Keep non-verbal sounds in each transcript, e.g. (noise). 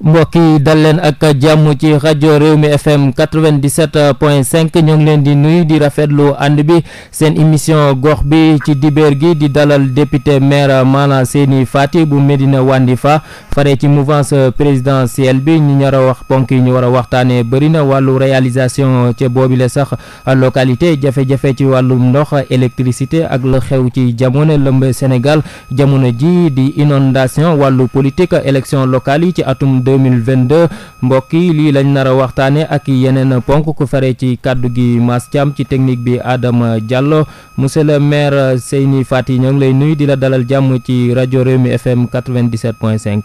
mbokk yi dal leen ak jàmm ci rajo réew mi fm 97 point 5 ñoo ngi leen di nuyu di rafetlu ànd bi seen émission gox bi ci dibeer gi di dalal député maire Maana Seyni faati bu wandi fa fare ci mouvance présidentielle bi ñu ñor a wax ponk yi ñu war a waxtaane bëri na wàllu réalisation ca boobile sax localité jafe-jafe ci wàllum ndox électricité ak la xew ci jamono lëmbe Sénégal jamono ji di inondation wàllu politique élection locale yi ci atum 2022 mbokk yi lii lañ nar a waxtaane ak yeneen ponk ku fare ci kàddu gi Mass Thiam ci technique bi Adama Diallo monsieur le maire Seyni yi ñoo ngi lay nuyu di la dalal jàmm ci rajo Rewmi FM 97.5.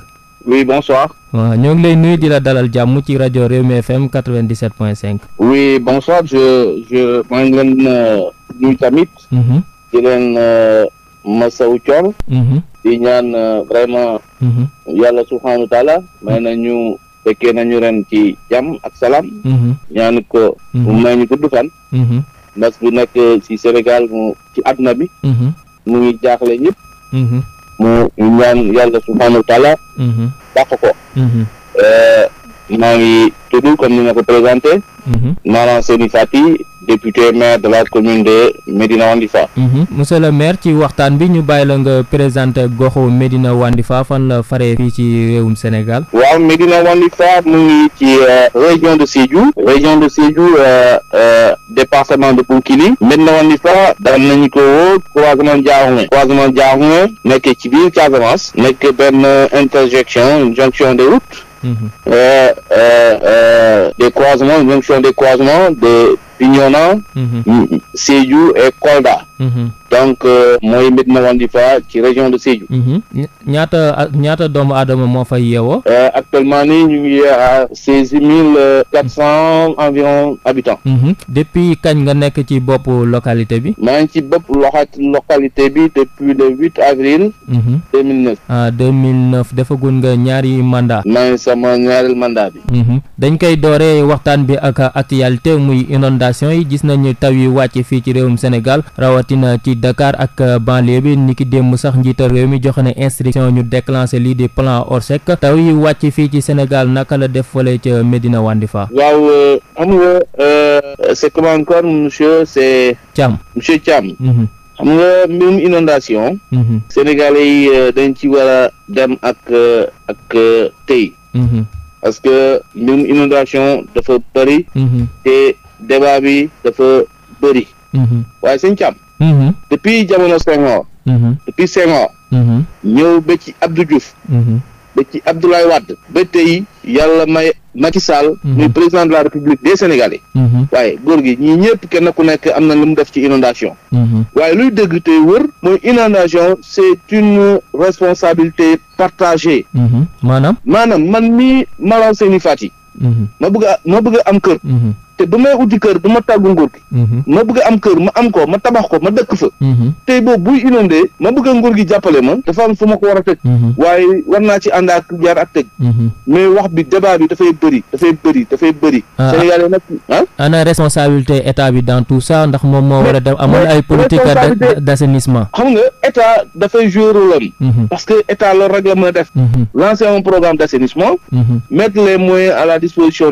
oui bonsoir. waaw ñoo ngi lay nuyu di la dalal jàmm ci rajo Rewmi FM 97.5. oui bonsoir je je maa ngi leen euh, nuyu tamit. Mhm. di leen euh, di ñaan euh, vraiment. Mhm. yàlla subhaanahu wa taala may mhm. nañu fekkee nañu ren ci jàmm ak salaam. Mhm. ñaan ko. mu may ñu gudd fan. mbas bi nag ci Sénégal mu ci àdduna bi. mu ngi jaaxle ñëpp. mu ñaan yàlla subhaanahu wa taala dàq maa ngi tudd comme ni nga ko présenté. Mhm. maanaam Seyni Fati député maire de la commune de Médina Wandifa. Mhm. monsieur le maire ci waxtaan bi ñu bàyyi la nga présenté goxu Médina Wandifa fan la faree fii ci réewum Sénégal. waaw Médina Wandifa mu ngi ci euh, région de Sédhiou région de Sédhiou euh, euh, département de Bounkiling Médina Wandifa daan nañu ko woo croisement Diakhoumé croisement Diakhoumé nekk ci biir Casamance nekk benn interjection jonction de route. Mm-hmm. Euh, euh, des croisements, de Bignona, mm-hmm. Sédhiou et Kolda. Mm-hmm. donc euh, mooy Médina Wandifa ci région de Sédhiou. Mm-hmm. ñaata ñaata doomu aadama moo fa yeewoo. Euh, actuellement ni ñu ngi à seize mille euh, quatre cent environ habitants. Mm-hmm. depuis kañ nga nekk ci bopp localité bi. maa ngi ci bopp loxaat localité bi depuis le huit avril. deux mille neuf. ah deux mille neuf defagun nga ñaari mandat maa sama ñaareel mandat bi. dañ koy dooree waxtaan bi ak actualité muy inondation yi gis nañu taw yi wàcc fii ci réewum Sénégal rawat rawatina ci Dakar ak euh, banlieue bi ni ki démb sax njiital réew mi joxe na instruction ñu déclenché lii di plan Orsec taw yi wàcc fii ci Sénégal naka la def fële ca Medina Wandifa. waaw euh, xam nga euh, c'est comment encore monsieur c'est. Thiam monsieur Thiam. Mm-hmm. xam nga mbirum inondation mm-hmm. Sénégalais yi dañ ci war a dem ak ak tey. Mm-hmm. parce que mbirum inondation dafa bëri. te débat bi dafa bëri. waaye sëñ Thiam. Mm-hmm. depuis jamono Senghor. Mm-hmm. depuis Senghor. Mm-hmm. ñëw ba ci Abdou Diouf. ba ci Abdoulaye Wade ba tey yàlla may Macky muy président de la République des Sénégalais waaye góor gi ñii ñëpp kenn ku nekk am na lu mu def ci inondation waaye luy dëgg tey wër mooy inondation c'est une responsabilité partagée maanaam maanaam man mii Malang Seyni Fati ma bëgg a ma bëgg a am kër te bu may uti kër ba ma tàgg nguur gi mhm. ma bëgg am kër ma am ko ma tabax ko ma dëkk fa mhm. tey boobu buy inondé ma bëgg nguur gi jàppale ma dafa am fu ma ko war a teg mhm. waaye war naa ci ànd ak jaar ak teg mais wax bi débat bi dafay bëri dafay bëri dafay bëri ah, ah. Sénégalais nag ah ana responsabilité état bi dans tout ça ndax moom moo war a dem amal ay politique d'assainissement xam nga état dafay jouer rôle am parce que état loolu rek a def lancer un programme d'assainissement mettre les moyens à la disposition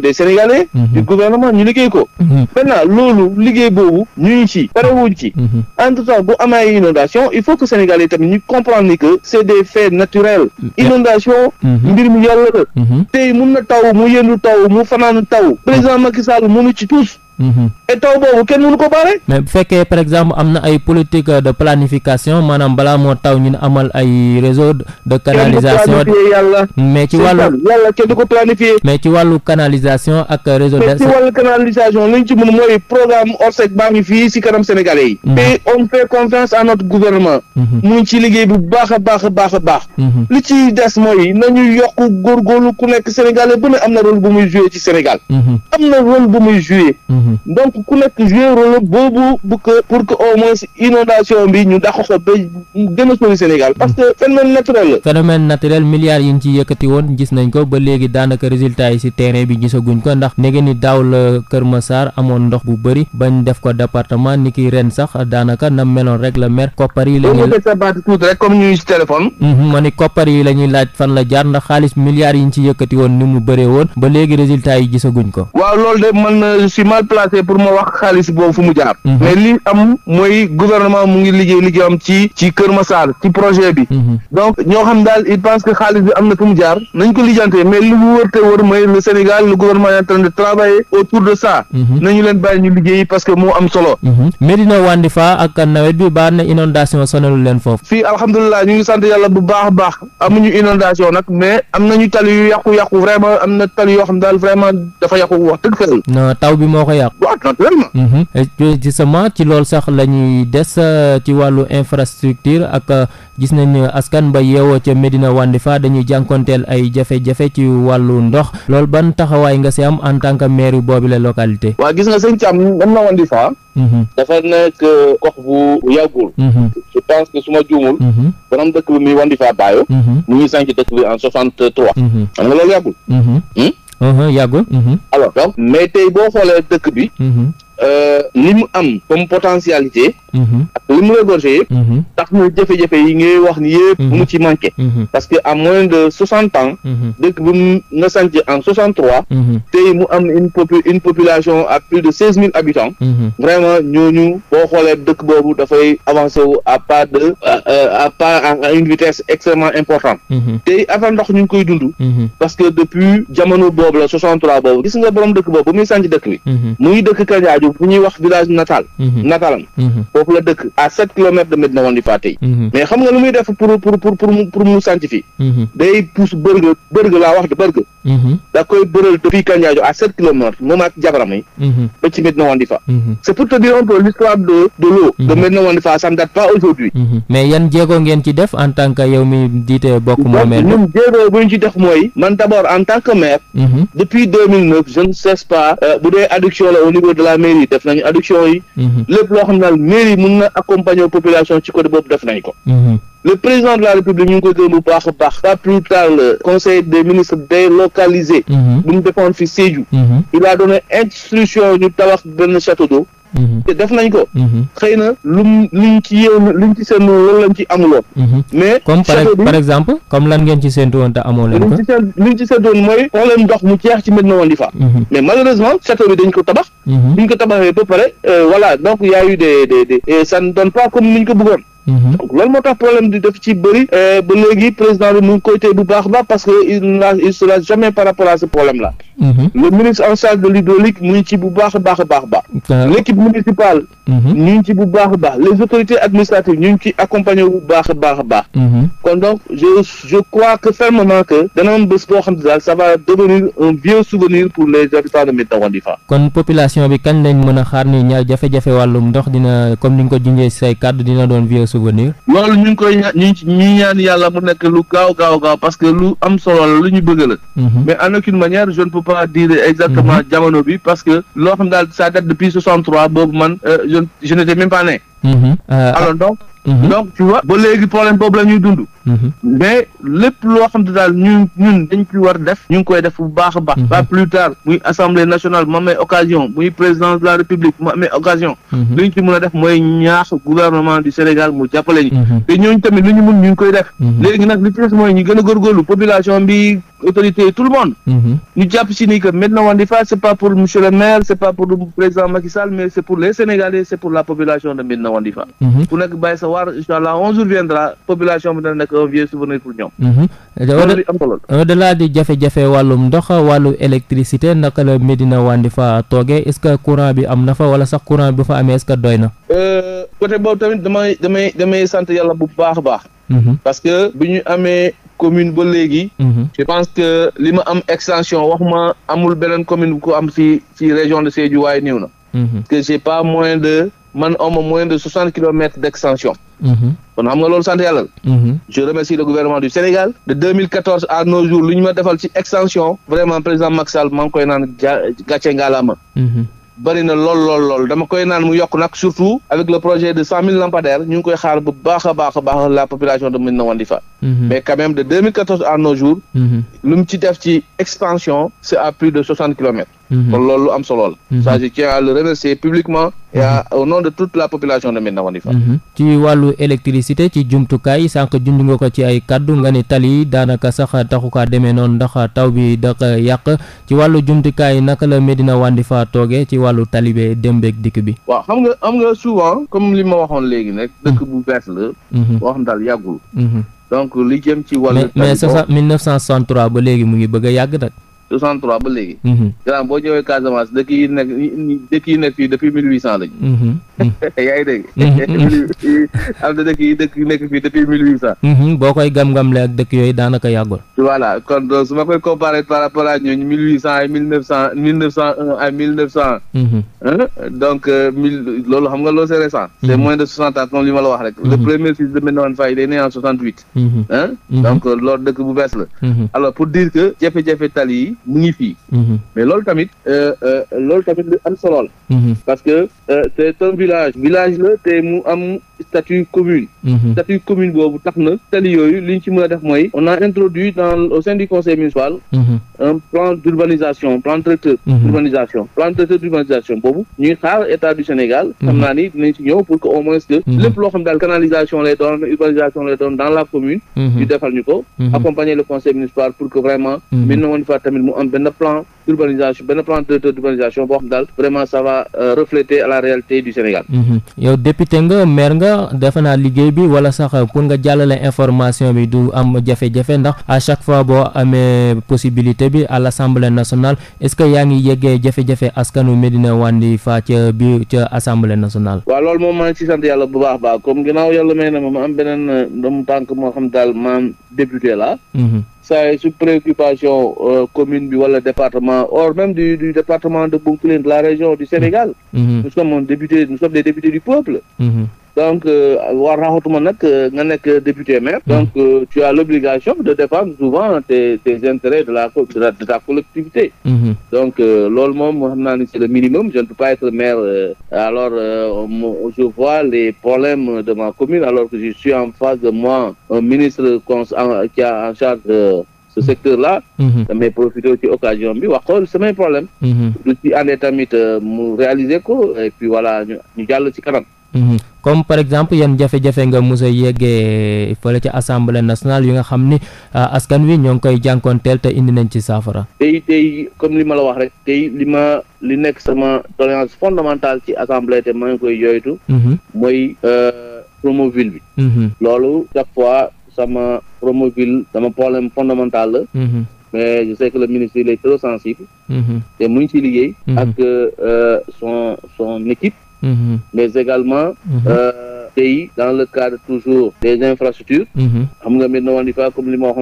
liggéey ko mhm. maintenant loolu liggéey boobu ñu ngi ci parewuñ ci mhm. entre temps bu amee inondation il faut que Sénégal yi tamit ñu comprendre que c'est des faits naturels mm, inondation mhm. mbir mu yàlla la tey mun na taw mu yendu taw mu fanaan taw président Macky Sall mënu ci tous et mhm. taw boobu kenn mënu ko baare. mais fekkee par exemple am na ay politique de planification maanaam balaa moo taw ñu amal ay réseau de canalisation mais ci wàllu yàlla kenn du ko planifier mais ci wàllu canalisation ak réseau de ci wàllu canalisation li ñu ci mën mooy programme Orsec baa ngi fii si kanam sénégalais yi mais mhm. on fait confiance à notre gouvernement mhm. mu ngi ci liggéey bu baax a baax a baax a baax li ci des mooy nañu yokk góorgóorlu ku nekk sénégalais bu ne am na rôle bu muy joué ci Sénégal donc ku nekk joué rôle boobu bu que pour que au moins inondation bi ñu dàq ko ba gën a sori Sénégal mm. parce que phénomène naturel milliards yi ñu ci yëkkati woon gis nañ ko ba léegi daanaka résultat yi si terrain bi gisaguñ ko ndax nege ni daaw la Kër saar amoon ndox bu bëri bañ def ko département ni ki ren sax daanaka na meloon rek la mer koppar yi la ñuy rek comme ñuy si téléphone. Mm-hmm, ma ni yi la ñuy laaj fan la jaar ndax xaalis milliards yi ñu ci yëkkati woon ni mu bëree woon ba léegi résultat yi gisaguñ ko. placé pour ma wax xaalis boobu fu mu jaar. Mhm. mais li am mooy gouvernement mu ngi liggéey liggéeyam ci ci Kër Massar ci projet bi. Mhm. donc ñoo xam daal il pense que xaalis bi am na fu mu jaar nañ ko lijjantee mais li wër te wër mooy le Sénégal le gouvernement est en train autour de ça. Mhm. nañu leen bàyyi ñu liggéey parce que moo am solo. Médina Wandifa ak nawet bi baax na inondation sonalu leen foofu. fii alhamdulilah ñu ngi yàlla bu baax a baax am yàqu. waaw naturellement. Mhm. justement ci lool sax la ñuy des euh, ci wàllu infrastructure ak euh, gis nañ askan ba yeewoo ca Medina Wandifa dañuy jànkonteel ay jafe-jafe ci wàllu ndox lool ban taxawaay nga si am en tant que maire boobu la localité. waa gis nga sëñ Thiam Medina Wandifa. Mhm. dafa nekk gox bu yàggul. Mhm. je pense que su ma juumul. borom dëkk bi muy Wandifa Bayo. mu ngi sànc dëkk bi en soixante trois. xam nga loolu yàggul. Hmm? Mm-hmm, yàggul mm-hmm. alors donc mais tey boo xoolee dëkk bi mm-hmm. Euh, li mu am comme potentialité mhm. ak li mu regorgé yëpp mhm. tax na jafe-jafe yi ngay wax ni yëpp bu mu mhm. ci manqué parce que à moins de soixante ans dëkk bi mu nga sanc en soixante trois tey mu am une popu une population à plus de seize mille habitants vraiment ñooñu boo xoolee dëkk boobu dafay avancé wu à pas de à pas à une vitesse extrêmement importante tey avant ndox ñu ngi koy dund parce que depuis jamono boobu la soixante trois boobu gis nga borom dëkk boobu bu muy sanc dëkk Diadio bu ñuy wax village natal mhm. natalam mhm. foofu la dëkk à sept kilomètres de Medina Wandipaté mhm. mais xam nga lu muy def pour pour pour pour mu sànc fii day pousse bërgë bërgë laa wax bërgë da koy bëral te fii à sept kilomètres moom ak jabaram yi ba ci Medina Wandifa c'est pour te dire un l'histoire de l'eau de Medina Wandifa ça ne pas aujourd'hui mais yan jéego ngeen ci def en tant yow mi diite bokk moomeel ñun jéego depuis 2009 je ne cesse pas euh, mairie yi def nañu adduction yi. Mhm. lépp loo xam daal mairie yi mun na accompagner population ci côté boobu def nañ ko. Mhm. le président de la république ñu ngi koy gërëm bu baax a baax. pas plus tard le conseil des ministres délocalisé. Mhm. bu mu defoon fi Sédhiou. il a donné instruction ñu tabax benn château d'eau te mm-hmm. def nañ ko. Mm-hmm. xëy na lu luñ ci yéen luñ ci seen loolu lañ ci amuloon. Mm-hmm. mais comme par exemple comme lan ngeen ci séntu woon te amoo leen ko. luñ ci seen luñ ci séntu woon mooy problème ndox mu jeex ci Médina Wandifa. mais malheureusement château bi dañ ko tabax. buñ ko tabaxee ba pare euh, voilà donc y a eu des des des ça ne donne pas comme niñ ko bëggoon. Mhm. donc loolu moo tax problème bi daf ci bëri euh, ba léegi président bi mu ngi koy téye bu baax baax parce que il n'a il se lâche jamais par rapport à ce problème là mhm. le ministre en charge de l'hydraulique mu ci bu baax a baax a baax ah. l'équipe municipale mhm. ñu ci bu baax a baax les autorités administratives ñu ngi ci accompagné bu baax a baax a baax kon donc je je crois que fermement que dana am bés boo xam ne daal ça va devenir un vieux souvenir pour les habitants de Médina Wandifa kon population mën a xaar ni ñaar jafe-jafe wàllum ndox dina comme ni ko junjee say doon souvenir. loolu ñu ngi koy ña ñu ngi ñaan yàlla mu nekk lu gaaw gaaw gaaw parce que lu am solo la lu ñu bëgg la. Mhm. mais en aucune manière je ne pas dire exactement mhm. jamono bi parce que loo xam daal ça date depuis 63 boobu man euh, je je n'étais Mhm. Euh, alors ah. donc. Mhm. donc tu ba léegi problème boobu la ñuy dund. Mhm. mais lépp loo xam ne daal ñun ñun dañ ci war def. ñu ngi koy def bu baax a baax. pas plus tard muy assemblée nationale mu amee occasion muy président de la république mu amee occasion. li ñu ci mën a def mooy ñaax gouvernement du Sénégal mu jàppale ñu. te ñooñu tamit li ñu mun ñu ngi koy def. léegi nag li ci mooy ñu gën a góorgóorlu population bi. autorités et tout le monde. Mm-hmm. ñu jàpp si ni que maintenant Wandifa c' pas pour monsieur maire c' pas pour président Macky mais c' pour les Sénégalais c' est pour la population de Médina Wandifa. Mm-hmm. ku nekk bàyyi sa waar incha allah on reviendra population bi dana nekk un vieux souvenir pour ñoom. Mm-hmm. loolu di jafe-jafe wàllum ndox wàllu électricité naka la Médina Wandifa toogee est ce courant bi am na fa wala sax courant bi fa amee est ce doy na. Euh, côté boobu a baax. parce que bi commune ba léegi. Mhm. je pense que li ma am extension wax ma amul beneen commune ku am si si région de Sédhiou waaye néew na. Mhm. parce que j'ai pas moins de man am moins de soixante kilomètres d' extension. Mhm. kon xam nga loolu sant yàlla. je remercie le gouvernement du Sénégal. de 2014 à nos jours lu ma defal ci extension vraiment président Macky Sall maa koy naan ja gàcce bëri na lool lool lool dama koy naan mu yokk nag surtout avec le projet de cent mille lampadaires ñu ngi koy xaar bu baax a baax a baax la population de Médina Wandifa mhm. mais quand même de à nos jours mhm. lu mu ci def ci expansion c'est à plus de kilomètres Mhm. kon loolu am solo la. Mhm. ça je tiens à le remercier mhm. la population de Médina Wandifa. ci wàllu électricité ci jumtukaay sànq junj nga ko ci ay kaddu nga ni tali daanaka sax taxu kaa demee noonu ndax taw bi da yàq ci wàllu jumtukaay naka la Médina Wandifa toogee ci wàllu tali bi dikk bi. waaw xam nga xam nga souvent comme li ma waxoon léegi nag. dëkk bu bees la. boo xam daal yàggul. donc li jëm ci wàllu. mais mais 1963 ba léegi mu ngi bëgg a yàgg nag. 63 ba léegi. gannaaw boo ñëwee Casamance dëkk yi nekk fii depuis 1800 lañu. Mm-hmm. (laughs) yaa ngi dégg. Mm-hmm. (laughs) am na dëkk yi dëkk nekk fii depuis 1800. Mm-hmm. boo koy gam-gamle ak dëkk yooyu daanaka yàggul. voilà kon su ma koy comparé par rapport à ñooñu 1800 ay 1900 1901 ay 1900. donc euh, mille loolu xam nga loolu c'est récent. c'est moins de 60 ans comme li ma la wax rek. le premier fils de Medoune Faye day né en 68. mu ngi fii mhm. mais loolu tamit euh, euh, loolu tamit lu am la mhm. parce que euh, c'est un village village la te mu am statut commune mhm. statut commune boobu tax na tali yooyu li ñu ci mën a def mooy on a introduit dans au sein du conseil municipal un plan d'urbanisation plan traiteur d'urbanisation plan traiteur d'urbanisation boobu ñuy xaar état du Sénégal xam naa ni dinañ pour que au moins que lépp loo xam daal canalisation lay urbanisation lay dans la commune ñu defal ñu ko accompagner le conseil mu am benn plan d'urbanisation benn plan de d'urbanisation boo xam daal vraiment ça va euh, refléter à la réalité du Sénégal. Mhm. yow député nga maire nga defe liggéey bi wala sax pour nga jàllale information bi du am jafe-jafe ndax à chaque fois boo amee possibilité bi à l'Assemblée nationale est-ce que yaa ngi yeggee jafe-jafe askanu Médina Wandy fa ca biir ca Assemblée nationale. waaw loolu moom maa ngi ci sant yàlla bu baax a baax comme ginnaaw yàlla may saa su préoccupation euh, commune bi wala département hors même du du département de Bounkiling de la région du Sénégal. Mm-hmm. nous sommes un député nous sommes des députés du peuple. Mm-hmm. donc war na xotuma nag euh, nga nekk député maire. Hmm. donc euh, tu as l'obligation de défendre souvent tes intérêts de la de ta collectivité. Hmm. donc euh, loolu moom xam naa ni c'est le minimum je ne peux pas être maire alors je vois les problèmes de ma commune alors que je suis en face de moi un ministre a en charge ce hmm. secteur là damay profité ci occasion bi wax ko samay problème du ci àndee tamit mu réaliser ko et voilà ñu jàll ci kanam Mhm. comme par exemple yan jafe-jafe nga mos a yeggee fële ci assemblée nationale yu nga xam ni euh, askan wi ñoo ngi koy jànkoonteel te indi nañ ci saafara. tey tey comme li ma la wax rek tey li ma li nekk sama doléance fondamentale ci assemblée te maa ngi koy jooytu. Mhm. mooy euh, promoville bi. Mhm. loolu chaque fois sama promoville sama problème fondamental la. mais je sais que le ministre il est trop sensible. te mu ngi ci liggéey. ak euh, son équipe. mmh. mais également mm-hmm. euh, pays dans le cadre toujours des infrastructures mm-hmm. comme li ma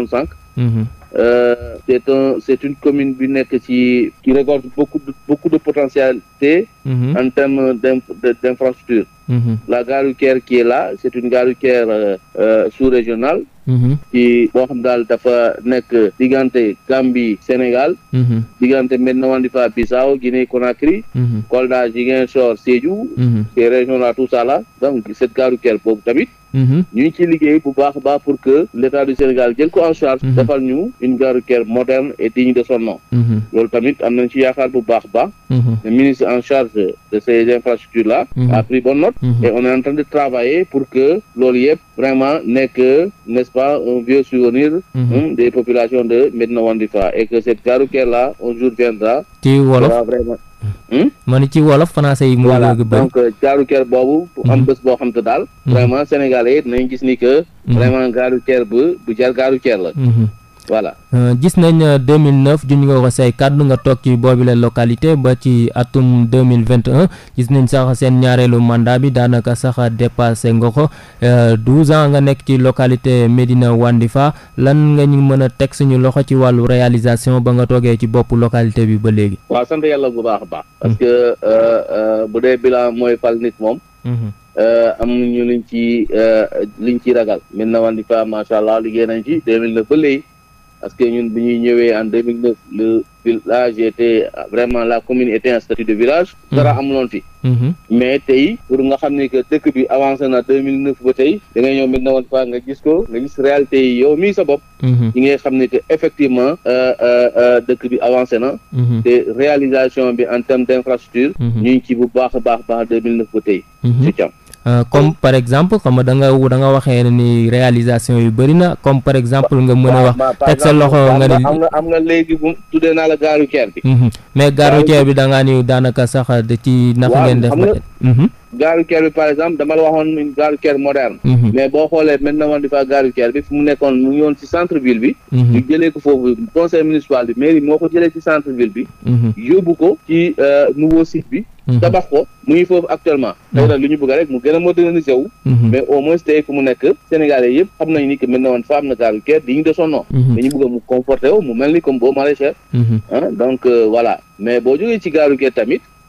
Euh, c'est un une commune bi nekk ci qui regorge beaucoup de beaucoup de potentialité mmh. en termes d'infrastructure mhm. la gare qui est là c'est une gare euh, euh, sous-régionale ci mhm. boo xam dafa nekk digante Gambie Sénégal mhm. diggante Medina Wandifa Bissau Guinée Conakry Kolda Ziguinchor Sédhiou ces régions là tout ça là donc cette gare routière boobu tamit ñu ngi ciy liggéey bu baax a pour que l'État du Sénégal jël ko en charge defal ñu une gare routière moderne et digne de son nom. Mm-hmm. loolu tamit am nañ ci yaakaar bu baax baax. Mm-hmm. le ministre en charge de ces infrastructures là. Mm-hmm. a pris bonne note. et on est en train de travailler pour que loolu yëpp vraiment nekk n'est-ce pas un vieux souvenir. des populations de Médina Wandifa et que cette gare routière là un jour viendra. ci wolof vraiment. Hmm? ci wolof français yi. moo euh, gaaru ker boobu. am bés boo xam te daal. vraiment sénégalais yi gis ni que. vraiment gaaru ker bu bu voilà euh, gis nañ 2009 euh, junj nga ko say kàddu nga toog ci boobile localité ba ci atum 2021 gis nañ sax seen ñaareelu mandat bi daanaka sax dépassé nga ko 12 euh, ans nga nekk ci localité Médina Wandifa lan nga ñu mën a teg suñu loxo ci wàllu réalisation ba nga toogee ci boppu localité bi ba léegi. waaw sant yàlla bu baax a baax. Hmm. parce que bu dee bilan mooy fal nit moom. Hmm. am ñu luñ ci luñ ci ragal. Médina Wandifa macha allah liggéey nañ ci 2009 ba parce que ñun bu ñuy ñëwee en 2009 le village était vraiment la commune était un statut de village. Mhm. dara amuloon fi. Mhm. mais tey pour nga xam ne que dëkk bi avancé na 2009 ba tey da ngay ñëw mi na woon fa nga gis ko nga gis réalité yi yow mii sa bopp. ñi mhm. ngay xam ne que effectivement euh, euh, euh, dëkk bi avancé na. te réalisation bi en terme d' ñu ci bu baax a baax baax ba tey. Euh, comme par exemple xam nga da nga da nga waxee ni réalisation yu bëri na comme par exemple nga mën a wax teg sa loxo nga ni am nga am nga léegi bu tuddee naa la gare bi mhm. mais gare bi da ngaa ni daanaka sax da ci nax ngeen def gaaru Kër bi par exemple dama la waxoon gaaru Kër moderne mhm. mais boo xoolee maintenant man di fa gaaru bi fu mu nekkoon mu ngi woon ci centre ville bi mhm. ñu jëlee ko foofu conseil municipal bi mairie moo ko jëlee ci centre ville bi mhm. yóbbu ko ci euh, nouveau site bi tabax ko mu ngi foofu actuellement tey lu ñu bëgg rek mu gën a moderniser wu mais au moins tey fu mu nekk Sénégalais yëpp xam nañu ni que maintenant woon fa am na gaaru di ñu de son nom dañu bëgg mu conforté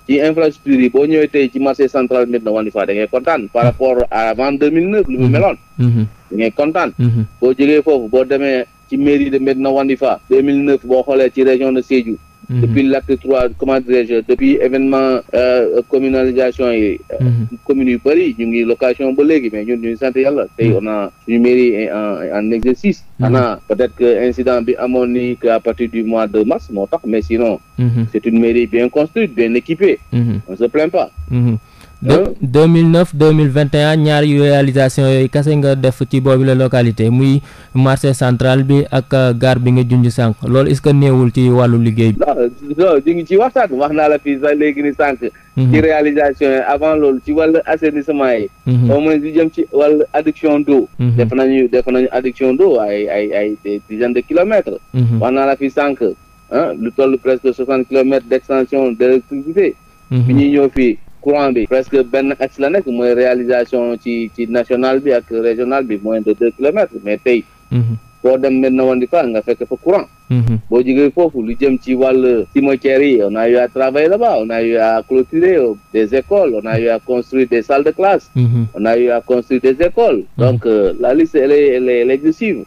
ci infrastructure yi boo ñëwee tey ci marché central Medina Wandifa da ngay kontaan par rapport avant 2009 lu mu mhm. meloon. Mhm. da kontaan. Mhm. boo jógee foofu boo demee ci mairie de Medina Wandifa 2009 boo xoolee ci région de Sédhiou. Mhm. depuis l'acte trois comment dirais-je depuis événement euh, communalisation yi euh, mhm. communes yu bëri ñu ngi location ba léegi mais ñun ñu sant yàlla tey mhm. on a suñu mairie en exercice peut-être que incident bi amoon ni que à partir du mois de mars moo tax mais sinon c'est une mairie bien construite bien équipée on se plaint pas de 2009 euh. 2021 ñaari réalisation yooyu kese nga def ci boobu la localité muy marché central bi ak euh, gare bi nga junj sànq loolu est-ce néewul ci wàllu liggéey bi. non ñu ngi ci wax naa la fii sax léegi ni sànq. Mhm. ci réalisation yi avant loolu ci wàllu assainissement yi. Mhm. au moins di jëm ci wàllu adduction d'eau. Mhm. def nañu def nañu adduction d'eau ay ay ay des dizaines de kilomètres. wax naa la fii sànq lu toll presque soixante kilomètres d'extension d'électricité. bi ñuy ñëw fii. courant bi presque benn axe la nekk mooy réalisation ci national bi ak régional bi moins de deux kilomètres mais tey mhm. boo dem mel na woon fa nga fekk fa courant Mhm. boo jógee foofu lu jëm ci wàll cimetière yi on a eu à travailler là on a eu à euh, des écoles on a eu à des salles de classe mhm. on a eu à construire des écoles mhm. donc euh, la liste elle est elle est elle est exhaustive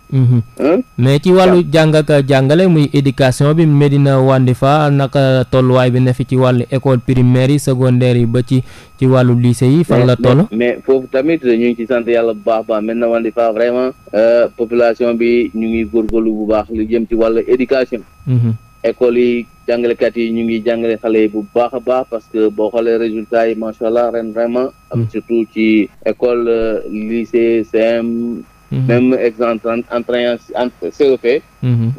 mais ci wàllu jàng ak jàngale muy éducation bi Médina Wandifa naka tolluwaay bi ne fi ci wàllu école primaire yi secondaire yi ba ci ci wàllu lycée yi fan la toll mais foofu tamit ñu ci sant yàlla bu baax baax Médina Wandifa vraiment euh, population éducation. Mm-hmm. école yi jàngalekat yi ñu ngi jàngale xale yi bu baax a baax parce que bo xoolee résultats yi macha allah ren vraiment. am mm-hmm. surtout ci école lycée CM. Mm-hmm. même exemple entrain en CEP.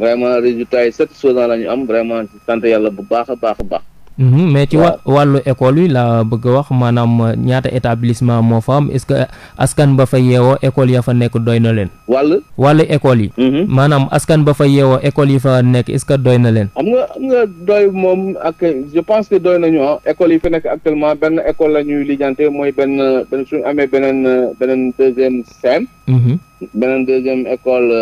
vraiment résultats yi satisfaisant la ñu am vraiment sant yàlla bu baax a baax a baax. Mhm, mais ci wa wàllu école yi laa bëgg a wax maanaam euh, ñaata établissement moo fa am est ce que euh, askan ba fa yeewoo école ya fa nekk doy na leen. wàll wàllu école yi. Mhm. maanaam askan ba fa yeewo école yi fa nekk est ce que doy na leen. am nga am nga doy moom ak je pense que doy nañu ah école yi fa nekk actuellement benn école la ñuy lijjante mooy benn benn suñu amee beneen euh, beneen deuxième CEM. Mhm. beneen deuxième école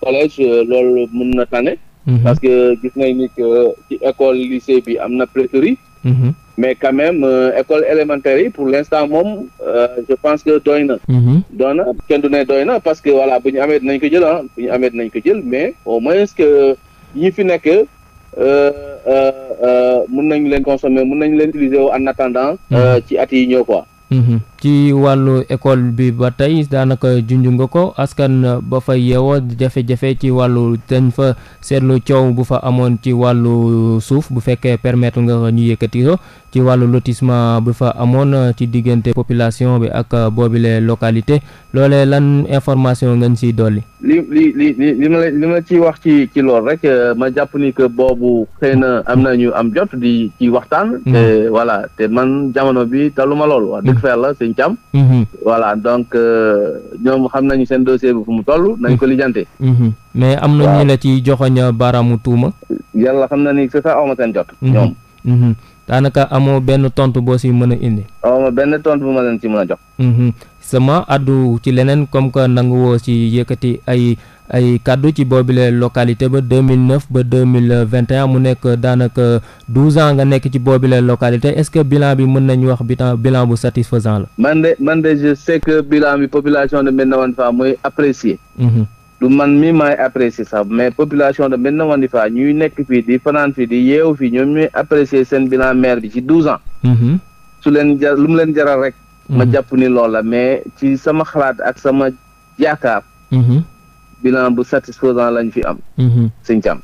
collège loolu mun na tane. Mhm. parce que gis nañ ni que ci école lycée bi am na pléthorique. Mhm. mais quand même euh, école élémentaire yi pour l' instant moom euh, je pense que doy na. Mhm. doy na kendu du ne doy na parce que voilà bu ñu amee dinañ ko jël ah bu ñu amee dinañ ko jël mais au moins que ñi fi nekk. Euh, mën nañ leen consommer mën nañ leen utiliser en attendant. ci at yi ñëw quoi. ci wàllu école bi ba tey daanaka junj nga ko askan ba fa yeewoo jafe-jafe ci wàllu dañ fa seetlu coow bu fa amoon ci wàllu suuf bu fekkee permettre nga ñu yëkkati ko ci wàllu lotissement bu fa amoon ci diggante population bi ak boobile localité loole lan information ngañ si dolli. li li li li ma li ma ci wax ci ci lool rek euh, ma jàpp ni que boobu xëy na am na ñu am jot di ci waxtaan. Mm-hmm. te voilà te man jamono bi taluma lool wax dëgg fa yàlla Assane Thiam. Mm-hmm. voilà donc euh, ñoom xam nañu seen dossier bi fu mu toll. nañ ko mm-hmm. lijjante. Mm-hmm. mais am na ñu la ci joxoñ baaraamu tuuma. yàlla xam na ni c'est ça aw seen jot. ñoom. daanaka amoo benn tontu boo si mën a indi. aw benn tontu bu ma leen si mën a jox. sama addu ci leneen comme que nanguwoo ci yëkkati ay ay kàddu ci boobile localité ba 2009 ba 2021 mu nekk daanaka 12 ans nga nekk ci boobile localité est-ce que bilan bi mën nañu wax bilan bu satisfaisant la. man de man de je bilan bi population de na Wane Fa mooy apprécier. Mhm. du man mi maay apprécier sax mais population de Médina Wane Fa ñuy nekk fii di fanaan fii di yeewu fii ñoom ñuy apprécier seen bilan maire bi ci 12 ans. Mhm. ma mhm. jàpp ni la mais ci sama xalaat ak sama yaakaar. Mhm. bilan bu satisfaisant lañ fi am. Mhm. sëñ Thiam.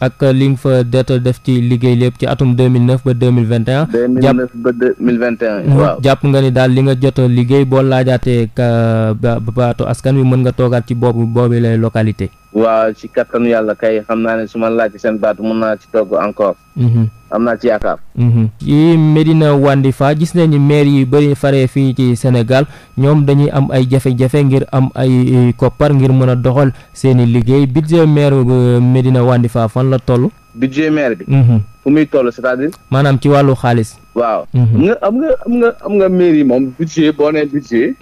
ak li nga fa jot def ci liggéey lépp ci atum 2009 ba 2021. 2009 ba 2021 waaw. jàpp nga ni daal li nga jot liggéey boo laajaatee baato askan wi mën nga toogaat ci boobu boobi lay localité. waaw ci kattanu yàlla kay xam naa ne su ma laaj seen baat mun naa ci togg encore. Mhm. am naa ci yaakaar. Mhm. yi Medina Wandifa gis nañu maire yu bëri faree fii ci Sénégal ñoom dañuy am ay jafe-jafe ngir am ay e, koppar ngir mën a doxal seen i liggéey budget maire e, Medina Wandifa fan la toll. budget maire bi. Mhm. muy toll cest à maanaam ci wàllu xaalis. waaw. nga am nga am nga am nga maire yi moom budget boo nee budget.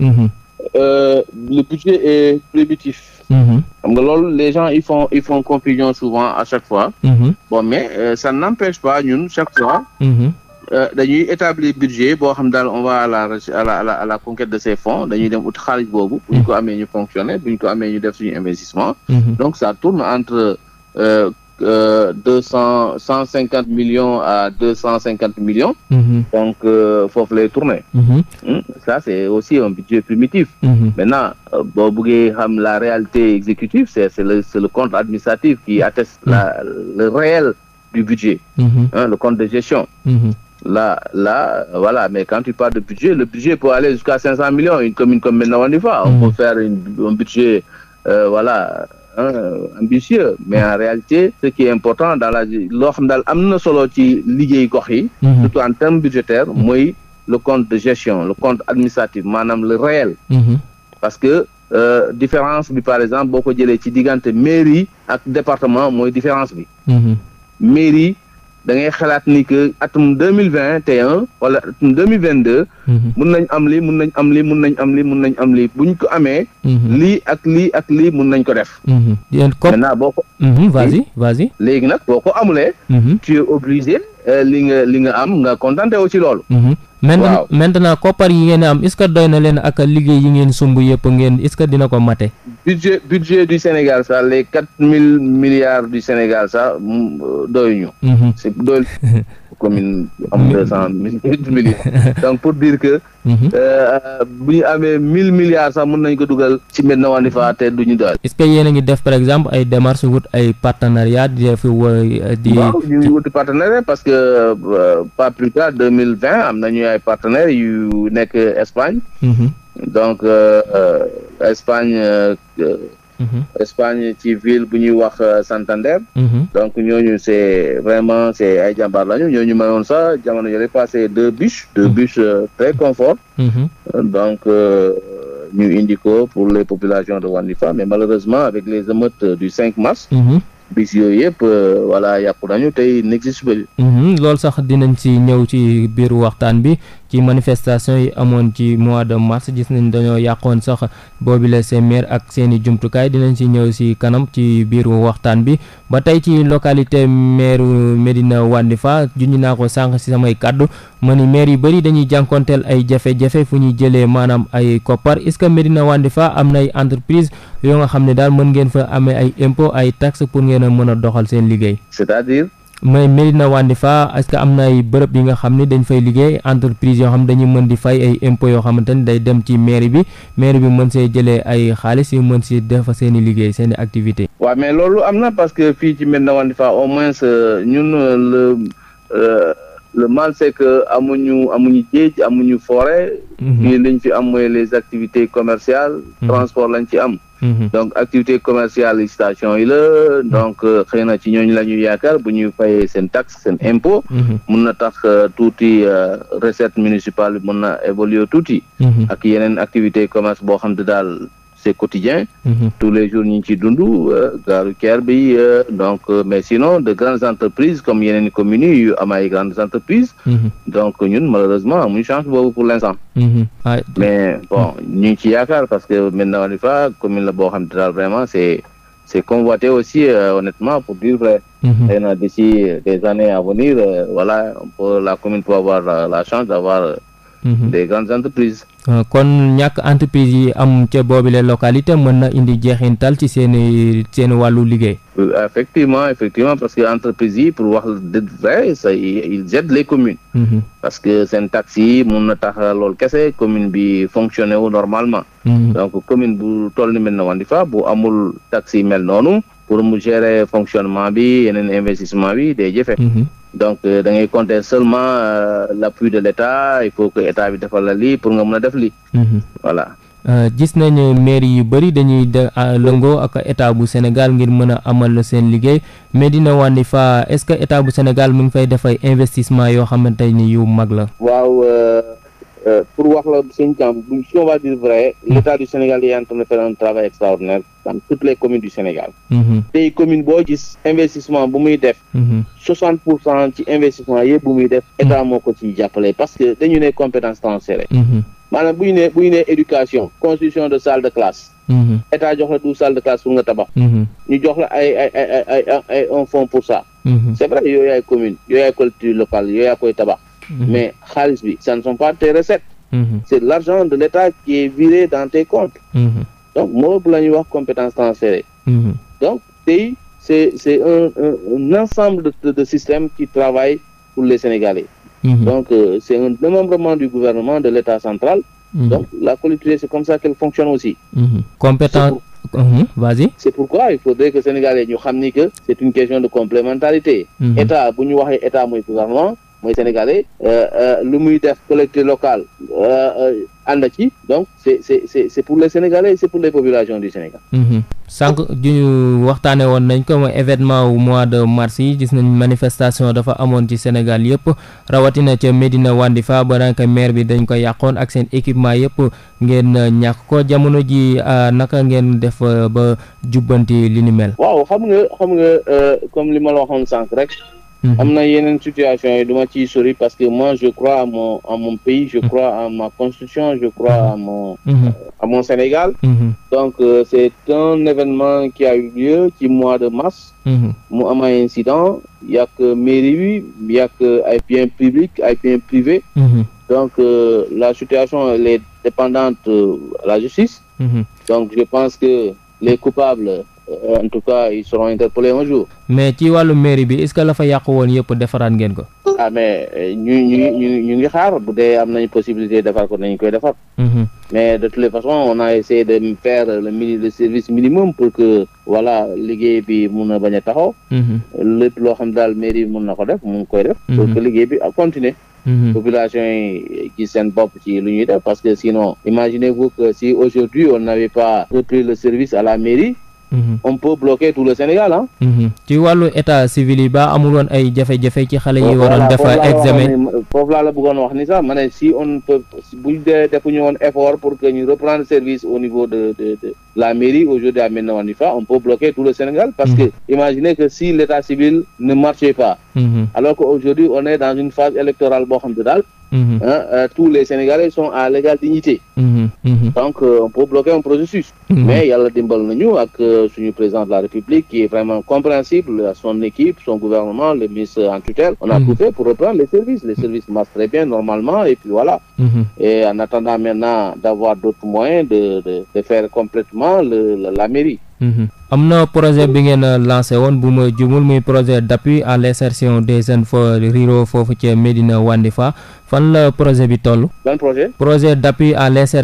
Euh, le budget est prohibitif. Mm-hmm. xam nga loolu les gens ils font ils font confusion souvent à chaque fois. Mm-hmm. bon mais euh, n'empêche pas ñun chaque fois. Mm-hmm. Euh, dañuy établir budget boo xam on va à la conquête de ces fonds dañuy dem ut boobu. bu ñu ko amee ñu fonctionner bu investissement. donc ça tourne entre. Euh, Euh, deux cent cent cinquante millions à deux cent cinquante millions. Mm -hmm. donc euh, foofu lay tourner. Mm-hmm. Hmm? ça c'est aussi un budget primitif. Mm-hmm. maintenant euh, boo buggee xam la réalité exécutive c'est le compte administratif qui mm-hmm. atteste le réel du budget. le compte de gestion. là là mais quand tu parles de budget le budget peut aller jusqu'à millions une commune comme Médina Wandifa on peut faire un budget voilà hein, euh, ambitieux mais mm-hmm. en réalité ce qui est important dans la loo xam daal am na solo ci liggéey gox yi mm-hmm. surtout en termes budgétaires mm-hmm. mooy le compte de gestion le compte administratif maanaam le réel parce que euh, différence bi par exemple boo ko jëlee ci diggante mairie ak département mooy différence bi. mairie da ngay xalaat ni que atum deux mille vingt et un wala atum deux mille vingt deux. Mhm. mun nañ am lii mun nañ am lii mun nañ am lii mun nañ am lii buñ ko amee. Mhm. lii ak lii ak lii mun nañ ko def. Mhm. yéen COP boo ko. vas-y léegi nag boo ko amulee. tu es obligé euh, li nga li nga am nga contenté wu ci loolu. maintenant maintenant koppar yi ngeen am est-ce que doy na leen ak liggéey yi ngeen sumb yëpp ngeen est-ce que dina ko mate budget budget du Sénégal sax les quatre mille milliards du Sénégal sax mm, euh, doyuñu. Mhm. (laughs) commune am deux cent huit millions (laughs) donc pour dire que mm-hmm. euh, bu ñu amee mille milliards sax mën nañ ko dugal ci Médina Wandifa te du ñu daal est-ce a ngi def par exemple ay démarches wut ay partenariat di fi euh, di wuti partenariat parce que euh, pas plus tard deux mille vingt am nañu ay partenaires yu nekk Espagne mm-hmm. donc Espagne Mm-hmm. Espagne ci ville bu ñuy wax euh, Santander. Mm-hmm. donc ñooñu c' est vraiment c' est ay jàmbaar lañu ñooñu mayoon sax jamono yële passé deux bus. deux mm-hmm. bus euh, très confort. donc euh, ñu indi ko pour les populations de Wandifa malheureusement avec les émeutes du mars. bis yooyu yëpp euh, voilà yàqu nañu tey n'existe plus. Mhm, loolu sax dinañ ci ñëw ci biir waxtaan bi ci manifestation yi amoon ci mois de mars gis nañ dañoo yàqoon sax boobile seen maire ak seeni i jumtukaay dinañ ci ñëw si kanam ci biir waxtaan bi ba tey ci localité maire Medina Wandifa junj naa ko sànq si samay kàddu. ma ni maire yu bëri dañuy jànkonteel ay jafe-jafe fu ñuy jëlee maanaam ay koppar est-ce que Médina Wandifa am na ay entreprise yoo nga xam ne daal mën ngeen fa amee ay impôt ay taxe pour ngeen a mën a doxal seen liggéey c'est-à-dire mais Médina Wandifa est-ce que am na ay bërëb yi nga xam ne dañ fay liggéey entreprise yoo xam ne dañuy mën di fay ay impôt yoo xamante ni day dem ci maire bi maire bi mën see jëlee ay xaalis yu mën si defa seen i liggéey seen i activité waaw mais loolu am na parce que fii ci Médina Wandifa au moins euh, ñun euh, le euh, le mal c'est que ñu amuñu géej amuñu forêt. Mhm. fii liñ fi am mooy les activités commerciales. Mhm. transport lañ ci am. Mhm. donc activité commerciale station yi la donc euh, xëy na ci ñooñu la ñuy yaakaar bu ñuy faye seen taxe seen impôt mun na tax euh, tuuti euh, recette municipale bi mun na évoluer tuuti. ak yeneen activité commerce boo xam te daal c'est quotidien. Mmh. Tous les jours ñu ngi ciy dund euh, gare routière bi euh, donc euh, mais sinon de grandes entreprises comme yeneen communes yu am ay grandes entreprises. Mhm. donc ñun malheureusement amuñu chance boobu pour l'instant. Mhm. mais bon ñu ngi parce que maintenant li fa commune la boo xam ne daal vraiment c'est c'est aussi euh, pour dire vrai. Mhm. la commune peut avoir la chance d'avoir Mhm. des grandes entreprises. Euh, kon ñàkk entreprise yi am ca boobile localité mën na indi jeexintal ci seeni seen wàllu liggéey. Euh, effectivement effectivement parce que entreprise yi pour wax dëgg vrai ça ils aident les communes. Mhm. parce que seen taxes yi mun na tax loolu kese commune bi fonctionné wu normalement. Mhm. donc commune bu toll ni mel na Wandifa bu amul taxes yi mel noonu pour mu gérer fonctionnement bi yeneen investissement bi day jëfe. donc euh, da ngay compter seulement euh, la appui de l' état il faut que état bi defal la lii pour nga mën a def lii. Mhm. voilà. Euh, gis nañu mairie yu bëri dañuy de lëngoo ak état bu Sénégal ngir mën a amal seen liggéey Médina Wandifa est-ce que état bu Sénégal mu ngi fay def ay investissement yoo xamante ni yu mag la. waaw Euh, pour wax la sëñ Thiam si on va dire vrai l'état du Sénégal est en train de faire un travail extraordinaire dans toutes les communes du Sénégal mm-hmm. tey commune boo gis investissement bu muy def mm-hmm. soixante pour cent ci investissement yëpp bu muy def mm-hmm. état moo ko ciy jàppale parce que dañu ne compétence transférée maanaam bu ñu ne éducation construction de salle de classe état jox la douze salles de classe pour nga tabax ñu jox la ay un fonds pour ça c'est vrai yooyu commune yooyu ay Mhm. mais xaalis bi ça ne sont pas tes recettes mhm. c'est l'argent de l'État qui est viré dans tes comptes mhm. donc moo bu la ñuy wax compétence transférée donc tey c'est c'est un, un, un ensemble de, de systèmes qui travaillent pour les Sénégalais Mmh. Donc euh, c'est un démembrement du gouvernement de l'État central. Mmh. Donc la collectivité c'est comme ça qu'elle fonctionne aussi. C'est pourquoi il faudrait que Sénégalais ñu xam ni que c'est une question de complémentarité. État bu ñu waxee état mooy gouvernement. mooy sénégalais euh, euh, lu muy def collectivité locale euh, ànd ci donc c'est c'est c'est c'est pour les sénégalais c'est pour les populations du Sénégal. Mhm. sànq juñu waxtaanee woon nañ ko mooy événement mois de mars yi gis nañ manifestation dafa amoon ci Sénégal yëpp rawatina ca Medina Wandifa ba daanaka maire bi dañ ko yàqoon ak seen équipement yëpp ngeen ñàkk ko jamono ji naka ngeen def ba jubbanti li waaw xam nga xam nga comme li ma waxoon sànq rek. Mhm. am na yeneen situation yi du ma ciy parce que moi je crois à mon à pays je mhm. crois à ma constitution je crois mhm. à mon à mon Sénégal donc euh, c'est un événement qui a eu lieu ci mois de mars mu am ay incident il a que mairie bi y a que donc euh, la situation elle est dépendante euh, à la justice donc je pense que les coupables en tout cas ils seront interpellés un jour. mais ci wàllu mairie bi est-ce que la fa yàqu woon yëpp defaraat ngeen ko. ah mais eh, ñu ñu ñu ñu ngi xaar bu dee am nañ possibilité defar ko nañ koy defar. Mhm. mais de toutes les façons on a essayé de faire le mini le service minimum pour que voilà liggéey bi mun a bañ a taxaw. Mhm. lépp loo xam daal mairie mun na ko def mun koy def. Mhm. pour que liggéey bi a continuer. population yi gis seen bopp ci lu ñuy def parce Mhm. on peut bloquer tout le Sénégal mhm. ci wàllu état civil yi ba amul ay jafe-jafe ci xale yi waroon def examen foofu laa la bëggoon wax ni sax ma ne si on peut buñ dee defuñu woon effort pour que ñu reprendre service au niveau de la mairie aujourd'hui à Médina Wandifa on peut bloquer tout le Sénégal parce que mhm. imaginez que si l'état civil ne marchait pas alors que aujourd'hui on est dans une phase électorale boo xam ne daal euh, tous les Sénégalais sont à l'égale dignité Mm-hmm. donc euh, on peut bloquer un processus mm-hmm. mais yàlla dimbal nañu ak euh, suñu président de la république qui est vraiment compréhensible à son équipe son gouvernement le ministre en tutelle on a mm-hmm. tout pour reprendre les services les services marchent très bien normalement et puis voilà et en attendant maintenant d'avoir d'autres moyens de, de, de faire complètement le, la, mairie am projet bi ngeen euh, lancé woon jumul muy projet d'appui à l'insertion des jeunes ruraux foofu ci Médina Wandifa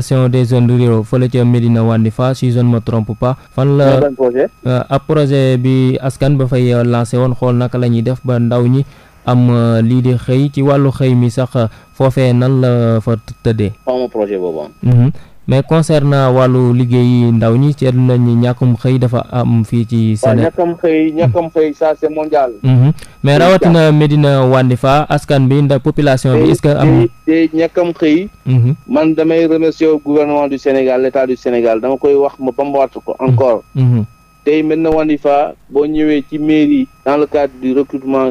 transformation des zones ruraux fële ca Médina Wandifa si je ne me trompe fan la euh, ab projet bi askan ba fay euh, lancé woon xool naka la ñuy def ba ndaw ñi am euh, lii di xëy ci wàllu xëy mi sax foofee nan la fa tëddee mais concernant wàllu liggéey ndaw ñi seetlu nañ ni ñàkkum xëy dafa am fii ci Sénégal ñàkkum xëy hmm. ñàkkum xëy ça mm-hmm. mais rawatina Médina Wandifa askan bi ndax population bi est-ce que am te ñàkkum xëy mm-hmm. man damay remercier gouvernement du Sénégal l'état du Sénégal dama koy wax ma bambaat ko encore mm-hmm. tey Médina Wandifa boo ñëwee ci mairie dans le cadre du recrutement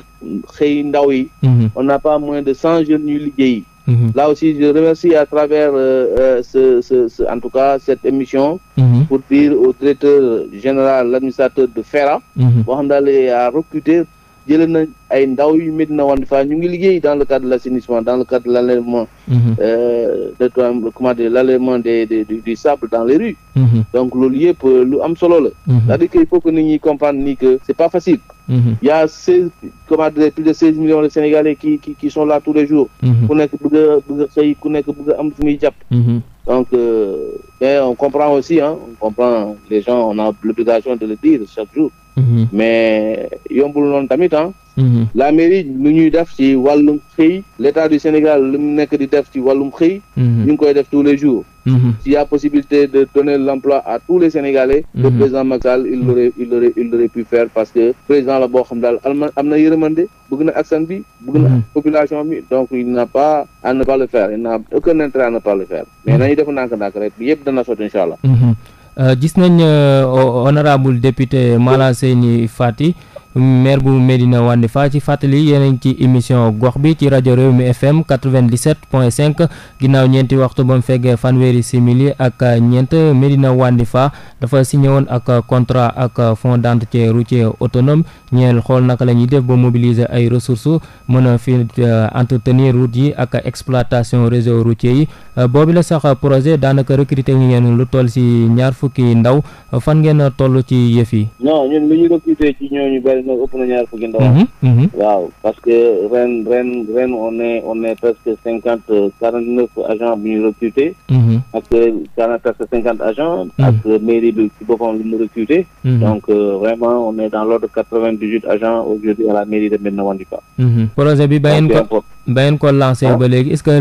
xëy ndaw yi on n'a pas moins de cent ñuy liggéey Mmh. Là aussi, je remercie à travers euh, euh, ce, ce, ce, en tout cas cette émission mmh. pour dire au directeur général, l'administrateur de FERA, mm-hmm. Mohamed a recruté jëlee na ay ndaw yu Médina Wane Fall ñu ngi liggéey dans le cadre de l' assainissement dans le cadre de l' mhm. euh, de sable dans les rues mhm. donc loolu yëpp euh, am solo la mhm. c'est-à-dire que il faut que nit ñi ni que c' pas facile y a seize dire plus de seize millions de Sénégalais qui sont là tous les jours ku nekk bëgg a bëgg a xëy ku nekk bëgg a am fu donc euh, mais on comprend aussi on comprend les gens on a l'obligation de le dire chaque jour Mm-hmm. mais yombul noonu tamit ah. Mm-hmm. la mairie lu ñuy def ci wàllum xëy l'état du Sénégal lu mu nekk di def ci wàllum xëy. Mm-hmm. ñu ngi koy def tous les jours. s'il y a possibilité de donner l'emploi à tous les Sénégalais. le président Macky il l'aurait pu faire parce que président la boo xam daal am na yërmande bëgg na askan bi. bëgg na population bi donc il n'a pas à ne pas le faire il n'a aucun intérêt à ne pas faire mais nañu def ndànk-ndànk rek yëpp dana sotti incha allah. Euh, gis nañ euh, honorable député Mala seeni faati maire bu Médina Wandifa fa ci fàttali yeneen ci émission gox bi ci rajo réew mi FM 97.5 ginnaaw ñeenti waxtu ba mu feggee fanweeri simili ak ñeent Médina Wandifa dafa signé woon ak contrat ak Fonds d'entretien routier autonome ñeel xool naka la ñuy def ba ay ressources mën a fi euh, entretenir route yi ak exploitation réseau routier yi euh, boobi la sax projet daanaka recruter ngeen lu toll si ñaar fukki ndaw fan ngeen toll ci yëf yi. na ëpp na ñaar fukki ndaw. Mhm, mhm. waaw parce que ren ren ren on e on est presque cinquante quarante neuf agents bu ñu recruté. Mhm. ak quarante presque cinquante agents. ak mairie bi bo boppam lu mu recruté. donc euh, vraiment on est dans l'ordre de quatre vingt dix huit agents aujourd'hui à la mairie de Médina Wandifa. projet bi bàyyi ko ba ngeen ko lancé ba ah. léegi est-ce que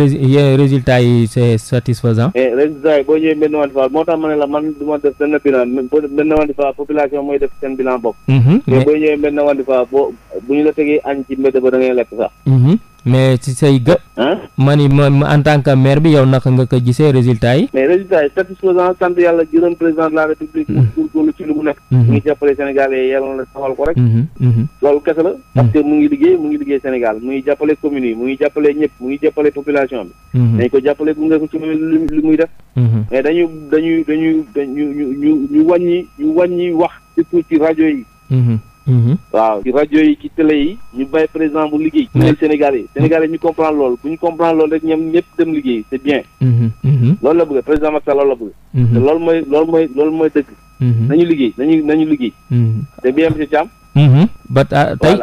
résultat yi c'est satisfaisant. Eh, résultat yi boo ñëwee benn wante faa moo tax ma ne la man du ma def benn bilan benn wante faa population mooy def seen bilan bopp. Mhm, mais boo ñëwee benn wante faa bu ñu la tegee añ ci mbedd ba da lekk sax. Mhm. mais ci say gë. ma ni ma en tant que maire bi yow naka nga ko gisee résultat yi. mais résultat yi satisfaisant sant yàlla gërëm président de la république. Mm-hmm. góorgóorlu ci lu mu nekk. Mm-hmm. mu ngi jàppale Sénégal yi yàlla na la taxawal ko rek. Mm-hmm. loolu kese la. parce mu ngi liggéey mu ngi liggéey Sénégal mu ngi jàppale commune yi mu ngi jàppale ñëpp mu ngi jàppale population bi. dañ ko jàppale gunge ko ci lu muy def. mais dañu dañu dañu dañu ñu ñu Mhm. waaw ci rajo yi ci télé yi ñu bàyyi président bu liggéey ñu lay sénégalais yi ñu comprendre loolu bu ñu comprendre loolu rek ñoom ñëpp dem liggéey c'est bien mhm, mhm. loolu la bëgg président Macky Sall loolu la bëgg te mooy loolu mooy loolu nañu liggéey nañu nañu liggéey c'est bien monsieur Thiam ba ah, tey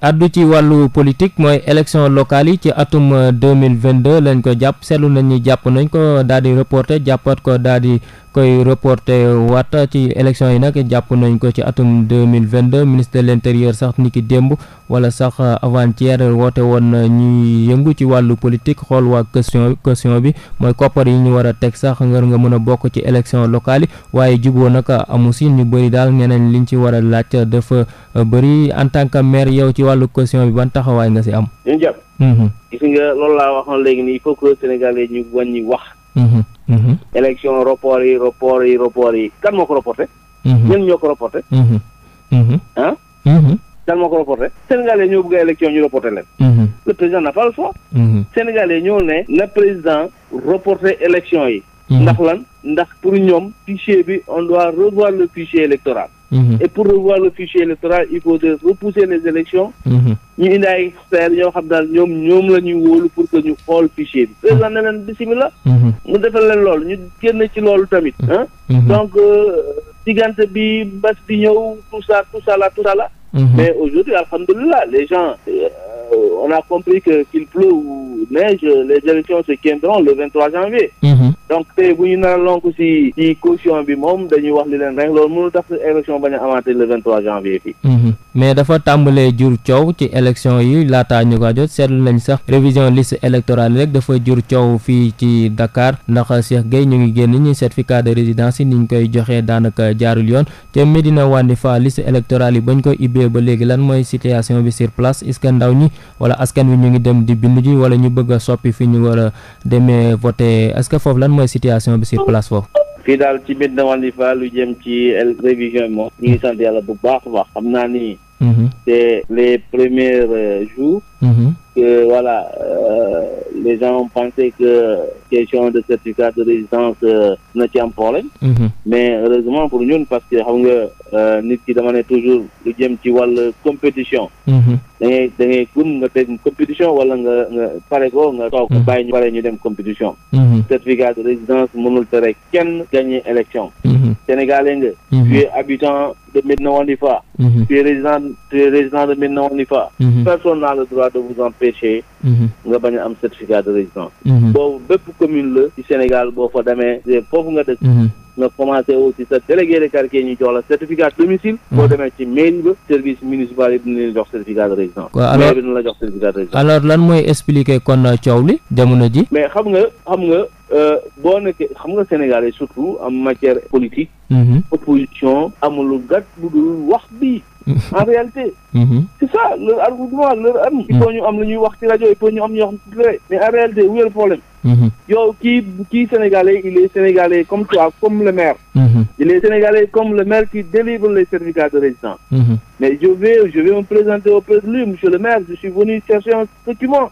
addu ci wàllu politique mooy élection local yi ci atum euh, deux mille vingt deux lañ ko jàpp seetlu nañ ñu jàpp nañ ko daal di reporter jàppat ko daal koy reporté waat ci élection yi nag jàpp nañ ko ci atum 2022 ministre de l'intérieur sax niki démb wala sax avant woote woon na ñuy yëngu ci wàllu politique xool waa question question bi mooy koppar yi ñu war a teg sax ngir nga mën a bokk ci élection locale waaye juboo nag amu si ñu bëri daal ñeneen liñ ci war a laaj dafa bëri en tant que maire yow ci wàllu question bi ban taxawaay nga si am. Mhm. gis nga loolu laa waxoon léegi nii il faut que sénégalais ñu Mm-hmm. élection report yi report yi report yi kan moo ko reporté. Mm-hmm. ñenn ñoo ko reporté. ah. kan moo ko reporté Sénégalais ñoo bëgg élection ñu reporté leen. le président n'a pas le choix. Sénégalais ñoo ne na président reporté élection yi. ndax lan ndax pour ñoom fichier bi on doit revoir le fichier électoral. Mm-hmm. et pour revoir le fichier électoral il faut de repousser les élections mm-hmm. ñu indi ay experts yoo xam daal ñoom ñoom la ñuy wóolu pour que ñu xool fichier bi président mm-hmm. ne leen bismillah mu defal leen loolu ñu génn ci loolu tamit ah donc euh, diggante bi mbas bi ñëw tout ça tout ça là tout ça là mais aujourd'hui alhamdulilah les gens euh, Euh, on a compris que qu'il pleut ou neige, les élections se tiendront le janvier. Mhm. donc tey bu ñu naan lonk ci caution bi moom dañuy wax li leen rek loolu mënu tax élection bañ a amaate le 23 janvier fii. Mhm. mais dafa tàmbalee jur coow ci élection yi laataa ñu ko jot seetlu nañ sax révision liste électorale rek dafa jur coow fii ci Dakar ndax Cheikh Gueye ñu ngi génn ñi certificat de résidence yi ni ñu koy joxee daanaka jaarul yoon te Medina Wandifa liste électorale yi bañ ko ibbee ba léegi lan mooy situation bi sur wala askan wi ñu ngi dem di bindu wala ñu bëgg a soppi fi ñu war a demee voté est-ce que foofu lan mooy situation bi si place foofu. fii daal ci biir Ndawandi fa lu jëm ci révision moom ñu ngi sant bu baax a baax xam naa ni. Mhm. c'est les premiers euh, jours. Mmh. Que voilà, euh, les gens de certificat de résidence euh, ne tient problème. Mmh. Mais heureusement pour nous, parce que nga euh, nit ki dama ne toujours lu jëm ci wàllu compétition. Mm-hmm. da ngay da ngay kun nga teg compétition wala nga nga pare ko nga toog mm-hmm. bàyyi ñu pare ñu dem compétition. Mm-hmm. certificat de résidence mënul tere kenn gagné élection. Sénégalais nga. tu es habitant de Médina Wandifa. tu es résident tu es résident de Médina de vous empêcher mhm. nga bañ a am certificat de résidence mhm. boobu bépp commune la ci Sénégal boo fa demee foofu nga dëkk mhm. nga commencé aussi sa délégué de quartier ñu jox la certificat domicile. boo demee ci mairie ba service municipal yi dina jox certificat de résidence. waaw alors mairie la jox certificat de résidence. alors lan mooy expliquer kon coow li jamono ji. mais xam nga xam nga euh, boo nekkee xam nga Sénégalais surtout en matière politique. opposition amul lu gàtt en mhm. réalité. Mhm. c'est ça leur argument leur mhm. am. lu ñuy wax ci rajo il faut ñu am ñoo xam ci télé mais en réalité où est le problème. yow kii kii sénégalais il est sénégalais comme toi comme le maire. il est sénégalais comme le maire qui délivre les certificats de résidence. mais je vais je vais me présenter auprès de lui monsieur le maire je suis venu chercher un document.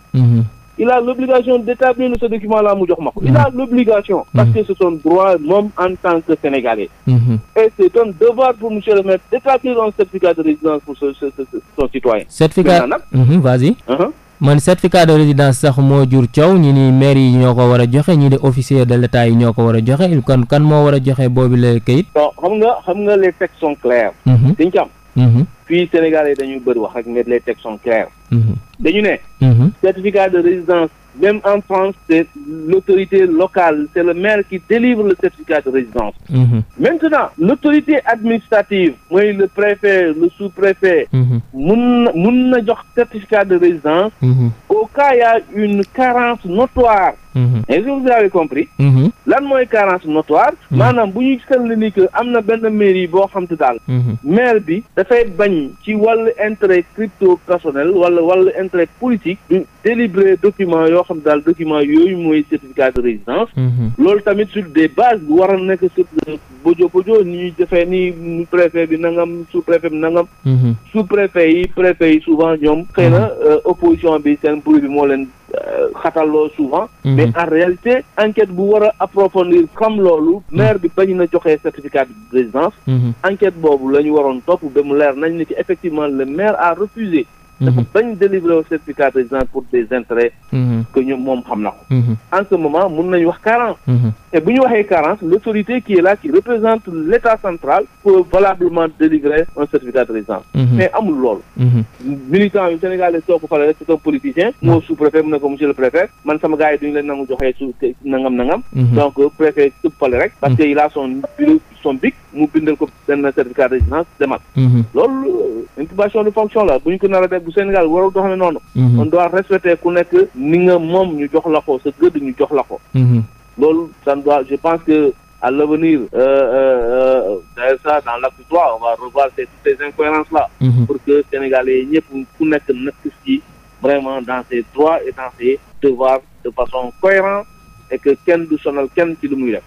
il a l'obligation d'établir ce document-là mu jox ma ko. il a mm-hmm. l'obligation mm-hmm. parce que c'est son droit moom en tant que sénégalais. Mm-hmm. certificat de résidence pour ce son citoyen. certificat vas uh-huh. man certificat de résidence sax moo jur coow ñi ni maire yi ñoo ko war a joxe ñi di officier de l'état yi ñoo ko war a joxe kon kan moo war a joxe boobu la kayit. bon xam nga xam nga les textes sont clairs. dañ ci Mm-hmm. fii Sénégalais dañuy bëri wax rek mais les textes sont clairs. Mm-hmm. dañu ne. Mm-hmm. certificat de résidence même en France c'est l'autorité locale c'est le maire qui délivre le certificat de résidence. maintenant l'autorité administrative mooy le préfet le sous-préfet. mun na mun na jox certificat de résidence. au a une carence notoire. Mhm. mais si vous avez compris. Mhm. lan mooy carence notoire. Mhm. maanaam bu ñu seetlu ni que am na benn yi boo xam te daal. maire bi dafay bañ ci wàllu intérêt crypto personnel wala wàllu intérêt politique. du délibéré document yoo xam daal document yooyu mooy certificat de résidence. loolu tamit su des bases bi war a nekk sur bojo bojo ni ñuy defee nii préfet bi nangam su préfet bi nangam. su préfet yi préfet yi souvent ñoom. xëy na euh, opposition bi seen bruit bi moo leen euh, xataloo souvent. mais mhm. en réalité enquête bu war a approfondir comme loolu mhm. maire bi bañ na joxe certificat de résidence mhm. enquête boobu la ñu waroon topp ba mu leer nañ ne effectivement le maire a refusé dafa mhm. bañ délivrer au certificat résident pour des intérêts mhm. que ñu moom xam na ko mhm. en ce moment mun nañu wax carence et bu ñu waxee carence l'autorité qui est là qui représente l'état central peut valablement délivrer un certificat de résidence mais amul loolu militant yu sénégalais soo ko fale rek c'est un politicien moo sous-préfet mu ne ko monsieur le préfet man sama gars yi duñu leen nangu joxee suuf nangam nangam donc euh, préfet sub fale rek parce que il a son bureau SOMBIC mu bindal ko benn certificat de résidence demal. Mhm. loolu euh, intubation de fonction la bu ñu ko nar a def bu Sénégal warul dox ne noonu. Mhm. on doit respecter ku nekk ni nga moom ñu jox la ko sa gëdd ñu jox la ko. Mhm. loolu ça doit je pense que à l'avenir euh, euh, euh, ça dans l'acte 3 on va revoir ces toutes ces incohérences là. Mmh. pour que Sénégalais ñëpp ku nekk nekk ci vraiment dans ses droits et dans ses devoirs de façon cohérente et que kenn du sonal kenn ci lu muy def.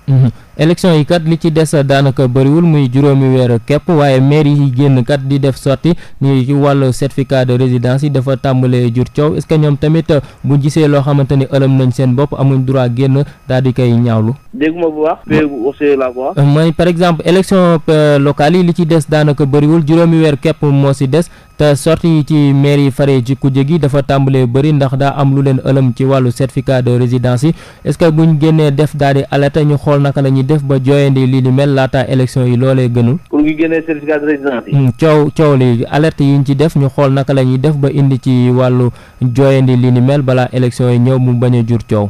élection yi kat li ci des daanaka bëriwul muy juróomi weer képp waaye maire yi génn kat di def sorti ni ci wàllu certificat de résidence yi dafa tàmbalee jur coow que ñoom tamit bu gisee loo xamante ni ëlëm nañ seen bopp amuñ droit génn daal di koy ñaawlu. dégg ma euh, par exemple élection euh, locale yi li ci des daanaka bëriwul juróomi weer képp moo si des. te sorti yi ci maire yi fare ci kujje gi dafa tàmbalee bëri ndax daa am lu leen ëlëm ci wàllu certificat de résidence yi est-ce que buñ génnee def daal di ñu xool naka la ñi def ba jooyandi lii di mel laata élection yi loolee gënul. pour ñu génnee certificat de résidence hmm, coow coow li alerte yi ñu ci def ñu xool naka la ñuy def ba indi ci wàllu jooyandi lii di mel balaa élection yi ñëw mu bañ a jur coow.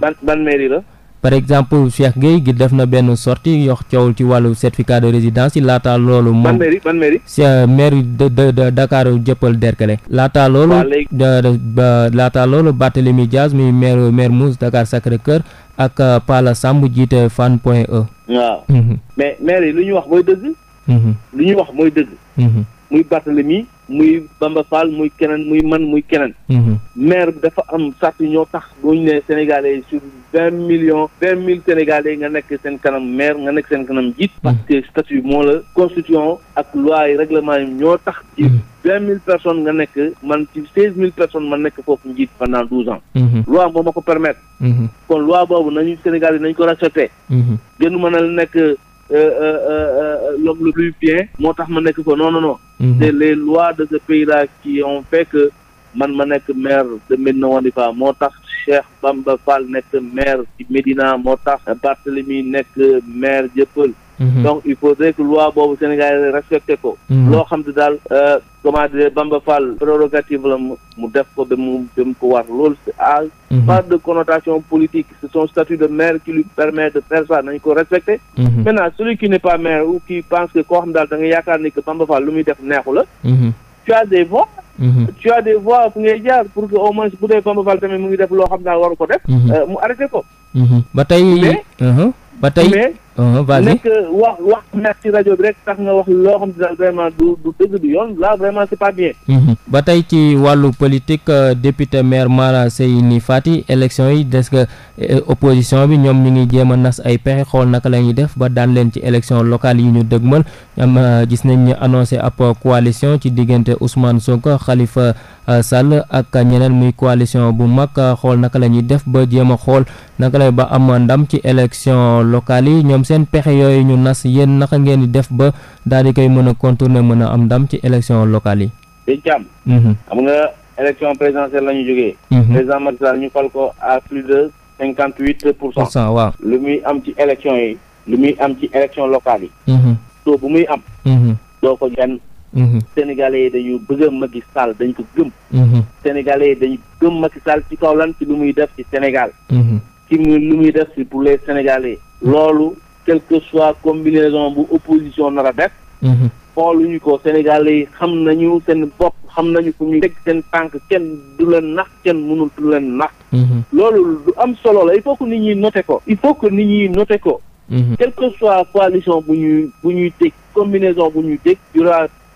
par exemple Cheikh Gueye gi def na benn sortie yox coowul ci wàllu certificat de résidence yi laata loolu moom mairie mairie maire de Dakar jëppal Derkale laata loolu laata loolu Barthélémy mi maire maire Mousse Dakar Sacré-Cœur ak euh, Pala Samb jiite Fann Point E waaw mhm. mais maire lu ñu wax mooy dëgg mhm. wax mhm. muy Barthélémy muy Bamba Fall muy keneen muy man muy keneen. Mhm. maire bi dafa am sàrt ñoo tax bu ñu nee Sénégalais yi sur vingt millions vingt mille Sénégalais nga nekk seen kanam maire nga nekk seen kanam jiit. Mhm. parce que statut moo la constitution ak loi yi ñoo tax. ci mhm. vingt mille personnes nga nekk man ci seize mille personnes ma nekk foofu njiit pendant douze ans. loi moo ma ko permettre. kon loi boobu nañu Sénégal yi nañ ko respecté. gënu mën a nekk. Euh, euh, euh, l'homme le plus bien moo tax ma nekk ko non non non. Mhm. c'est les lois de ce pays là qui ont fait que man ma nekk maire de Médina Wandifa moo tax Cheikh Bamba Fall nekk maire ci Médina moo tax Barthélemy nekk maire Dieuppeul Mm-hmm. donc il faudrait que loi boobu Sénégal respecté ko. Mm-hmm. loo xam ne daal euh, comment dire Bamba Fall prérogative la mu def ko ba mu ba mu ko war loolu c'est mm-hmm. pas de connotation politique c'est son statut de maire qui lui permet de faire ça nañ ko respecté. maintenant celui qui n'est pas maire ou qui pense que koo xam daal da nga yaakaar ni que Bamba Fall lu muy def neexu la. tu as des voix. tu as des ngay jaar pour que au moins bu dee Bamba Fall tamit mu ngi def loo xam daal waru ko def. Euh, mu arrêté ko. ba tey. Uh-huh. ba tey. Uh-huh, vas-y nekk wax rajo bi rek mm-hmm. ba tey ci wàllu politique euh, député maire Mara Seyni Fati élection yi des que euh, opposition bi ñoom ñu ngi jéem a nas ay pexe xool naka la ñuy def ba daan leen ci élection locale yi ñu dëgmal am euh, gis nañ ñu annoncé ab coalition ci diggante Ousmane Sonko xalifa Euh, Sall ak ñeneen muy coalition bu mag euh, xool naka la ñuy def ba jéem a xool naka lay ba am ndam ci élection locale yi ñoom seen pexe yooyu ñu nas yéen naka ngeen di def ba daal di koy mën a contourner mën a am ndam ci élection locale yi. Mhm. xam nga élection présidentielle la ñu jógee. Mhm. président Macky Sall ñu fal ko à plus de cinquante huit pour cent. waaw lu muy am ci élection yi. lu muy am ci élection locale yi. Mhm. taux bu muy am. doo ko kenn. Mm-hmm. Sénégalais yi dañu bëgg a Macky Sall dañ ko gëm. Mm-hmm. Sénégalais yi dañu gëm Macky ci kaw lan ci lu muy def ci Sénégal. Mm-hmm. ci lu muy def ci pour les Sénégalais. loolu quel que soit combinaison bu opposition nar a def. xooluñu ko Sénégalais yi xam nañu seen bopp xam nañu ko ñu teg seen tànk kenn du leen nax kenn mënul du leen nax. loolu lu am solo la il faut que nit ñi noté ko. il faut que nit ñi noté ko. quel que soit coalition bu ñuy bu ñuy teg combinaison bu ñuy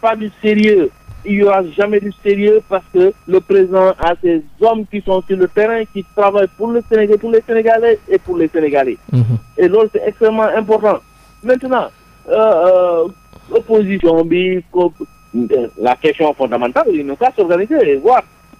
pas du sérieux. Il n'y aura jamais sérieux parce que le président a ses hommes qui sont sur le terrain, qui travaillent pour le Sénégal, pour les Sénégalais et pour les Sénégalais. Mmh. Et loolu c'est extrêmement important. Maintenant, euh, euh, opposition euh, la question fondamentale, il n'y a qu'à s'organiser et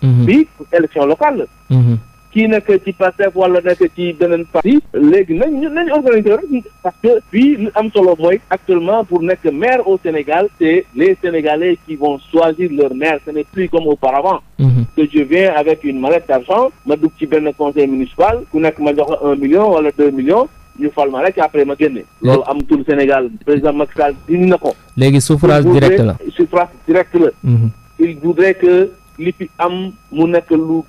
mhm. Bi élection locale. Mhm. kii nekk ci Pastef wala nekk ci beneen parti léegi nañ nañ organiser rek parce que fii am solo mooy actuellement pour nekk maire au Sénégal c'est les Sénégalais qui vont choisir leur maire ce n'est plus comme auparavant mhm. que je viens avec une mallette d'argent ma dugg ci benn conseil municipal ku nekk ma jox un million wala deux millions ñu fal ma rek après ma génne. loolu am tout Sénégal président Macky Sall dindi na ko. léegi suffrage direct la suffrage direct la. Mhm. il voudrait que li fi am mu nekk lu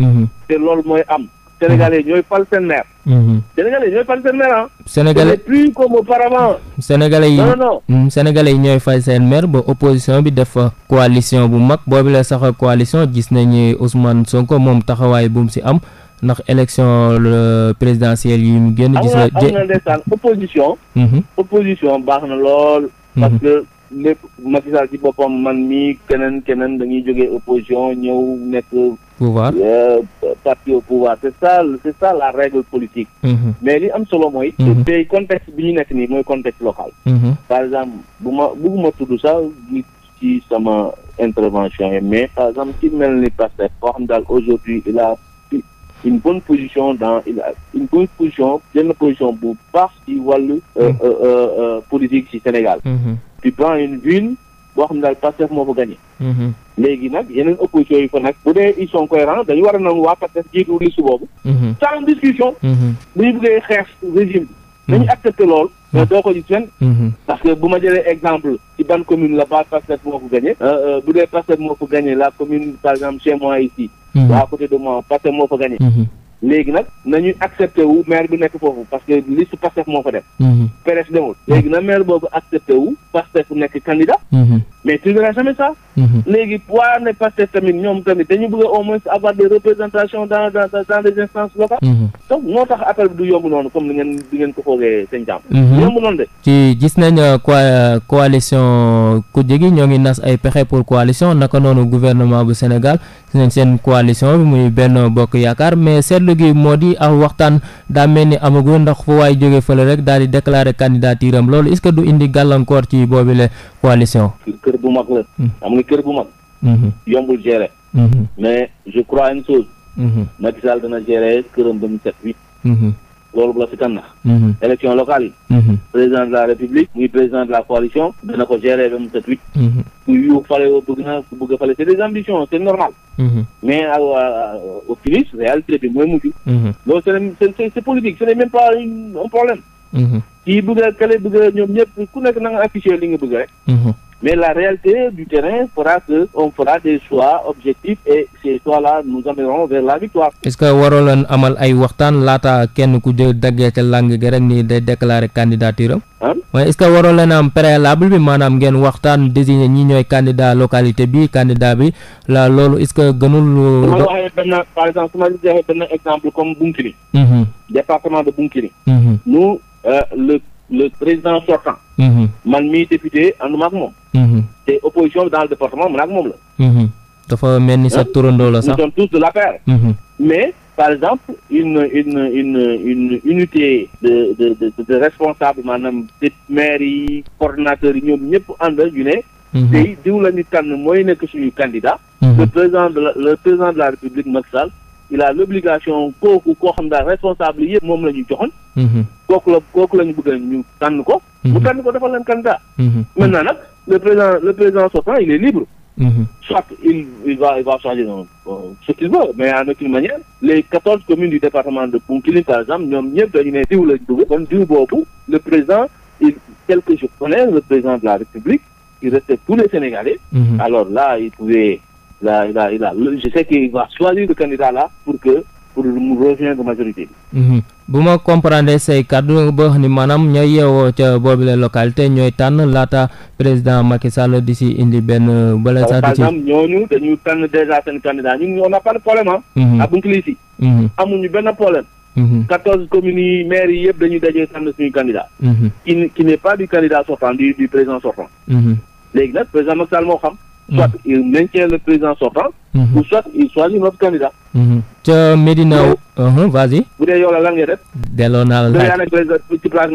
Mm-hmm. te loolu mooy am. Sénégalais ñooy fal seen maire. Mm-hmm. Sénégalais ñooy fal seen maire ah. Sénégalais plus comme auparavant. Sénégalais yi non non mm, Sénégalais yi ñooy fal seen maire ba opposition bi def coalition bu mag boobu la sax coalition gis nañu Ousmane Sonko moom taxawaay bu mu si am ndax élection présidentielle yi mu génn. gis nga mm-hmm. opposition. baax na lool. parce que lépp ci boppam man mii keneen keneen dañuy jógee opposition ñëw nekk. pouvoir euh, parti au pouvoir sa ça c'est ça la règle politique mhm. mais li am solo mooy tey mhm. contexte bi ñu nekk nii mooy contexte local mhm. par exemple bu ma bëgguma tudd sax ci sama intervention yi mais par exemple ci mel ni Pastef koo xam daal aujourd'hui il a une bonne position dans il a une bonne position jël position bu baax ci wàllu euh, euh, politique ci Sénégal tu prends une ville boo xam daal Pastef moo fa gagné léegi nag yeneen opposition yi fa nag bu dee ils sont cohérents dañu war a nangu waa Pastef jiitu liste boobu. Mhm. ça en discussion. Mhm. bu ñu bëggee xeex régime bi. nañu mhm. lool. doo ko gis fenn. parce que bu ma jëlee exemple ci ban commune la base Pastef moo ko gagné. Euh, euh, bu dee Pastef moo ko gagné la commune par exemple chez moi ici. à côté de moi moo fa gagné. léegi nag nañu accepté wu maire bi nekk foofu parce que liste moo fa def. PDS demul léegi na mais tu diras jamais ça. Mhm. léegi waa ne Pastef tamit ñoom tamit dañu bëgg moins avoir des mhm. moo tax du yomb noonu comme ngeen ngeen ko foogee seen jàmm. Mhm. ci gis nañ ko euh, euh, coalition ku gi ñoo ngi nas ay pexe pour coalition naka noonu gouvernement bu Sénégal seen seen coalition bi muy benn bokk yaakaar mais seetlu gi moo di ak waxtaan daa mel ni amagul ndax fu waay jógee fële rek daal di déclarer candidature am loolu est-ce que du indi gàllankoor ci boobile coalition. kër bu mag la. xam mm-hmm. nga kër bu mag. Mm-hmm. yombul gérer. Mm-hmm. mais je crois une chose. Macky Sall dana gérer këram ba mu set huit. loolu la fi tànn na élection locale yi. président de la république. muy président de la coalition. dana ko gérer ba mu set huit. ku yu fale woo bëgg naa ku a fale c' est des ambitions c' est normal. mais au finish réalité bi mooy mujj. loolu c' est c' est c' est politique a kale bëgg a li nga bëgg Mais la réalité du terrain fera qu'on fera des choix objectifs et ces choix-là nous amèneront vers la victoire. est que waroon leen amal ay waxtaan laata kenn ku jël daggee ca làng gi rek nii day déclarer candidature am. waaye est-ce que waroo leen am préalable bi maanaam ngeen waxtaan désigner ñi ñooy candidat localité bi candidat bi la loolu est-ce que gënul. lu ma par exemple su ma joxee benn exemple comme Bunkiri. Mhm. Mhm. nous euh, le le président sortant. Mm-hmm. man mii député ànduma ak moom. Mm-hmm. te opposition bi dans le département man ak la. Mm-hmm. dafa mel sa turandoo la sax. mais par exemple une une unité de de de responsable maanaam maire yi coordonnateur yi ñoom ñëpp àndal ñu ne. tey la ñu tànn mooy nekk suñu candidat. le président de la le république Macky il a l'obligation kooku koo xam daal responsable yëpp moom la ñu joxoon. Mhm. kooku la kooku la ñu bëgg ñu tànn ko. bu mhm. tànn ko defal leen candidat. Mhm. maintenant nag le président le président sortant il est libre. soit il il va il va changer euh, ce qu'il veut mais en aucune manière les quatorze communes du département de Bounkiling par exemple ñoom ñëpp dañu ne diw lañ bëgg kon diw boobu le président il tel que je connais le président de la République il respecte tous les Sénégalais. alors là il il a il a il a je sais qu'il va choisir le candidat là pour que pour mu rejoindre majorité bi. Mhm. bu ma comprendre say kàddu ba ni maanaam ñooy yeewoo ca boobule localité ñooy tànn laata président Macky Sall di si indi benn. bala sax ci par exemple ñooñu dañu tànn déjà seen candidat ñun on n'a pas problème ah. ak Bounkiling si. amuñu benn problème. Mhm. quatorze communes yi maires yi yëpp dajee tànn suñu candidat. Mhm. qui qui n'est pas du candidat sortant du soit mhm. il maintient le président sortant. Mhm. ou soit il choisit notre candidat. Mhm. ca Medina. Uh-huh, vas bu dee yow la lan def. (laughs) delloo naa la laaj bi ci place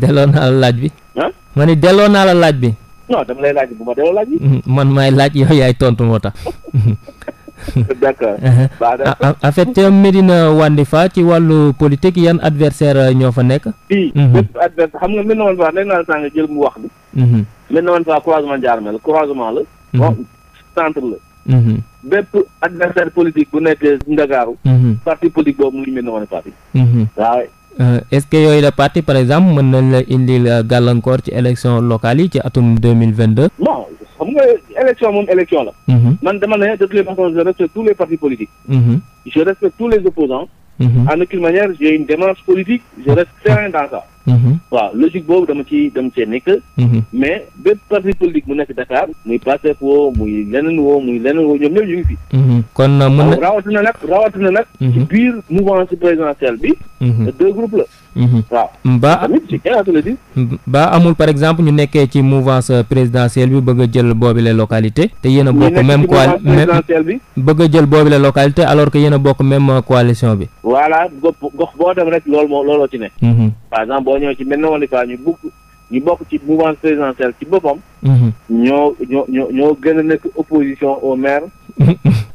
delloo naa la laaj bi. ah ma ni delloo naa la laaj bi. non dama lay laaj ma laaj bi. man maay laaj yow yaay tontu moo tax. (laughs) (laughs) Uh-huh. a a en fait Medina Wandifa ci wàllu politique yan adversaire uh, ñoo fa nekk fii uh-huh. bépp adversaire xam nga Medina Wandifa dañ naan sànq jël mu wax bi uh-huh. Medina Wandifa croisement Ndiarmé la croisement la bon centre la bépp adversaire politique bu nekk Ndakaaru parti politique boobu mu ngi Medina Wandifa bi waaw Euh, est-ce que yooyu la parti par exemple mën nañ la indil euh, gàllankoor ci élection locale yi ci atum deux mille vingt deux. bon xam nga élection moom élection la. Mm-hmm. man dama ne de toutes les je respecte tous les partis politiques. Mm-hmm. je respecte tous les opposants mm-hmm. en aucune manière j'ai une démarche politique je ah. reste serein dans ça. Mm-hmm. waaw logique boobu dama ci dem see nekk. Mm-hmm. mais bépp parti politique mu nekk Dakar muy Pastef woo muy leneen woo muy leneen woo mm-hmm. uh, na rawatina nag rawatina nag. ci biir bi. deux groupes la. waaw ba ba amul par exemple ñu nekkee ci mouvance euh, présidentielle bi bëgg a jël boobi la localité te yéen a bokk même coalition bi bëgg a jël boobi la localité alors que yéen a bokk même euh, coalition bi voilà gox boo dem rek loolu moo looloo ci ne boo ñëwee ci benn wàllukaay ñu bugg ñu bokk ci mouvance présidentielle ci boppam. Mhm. ñoo ñoo ñoo ñoo gën a nekk opposition au (laughs)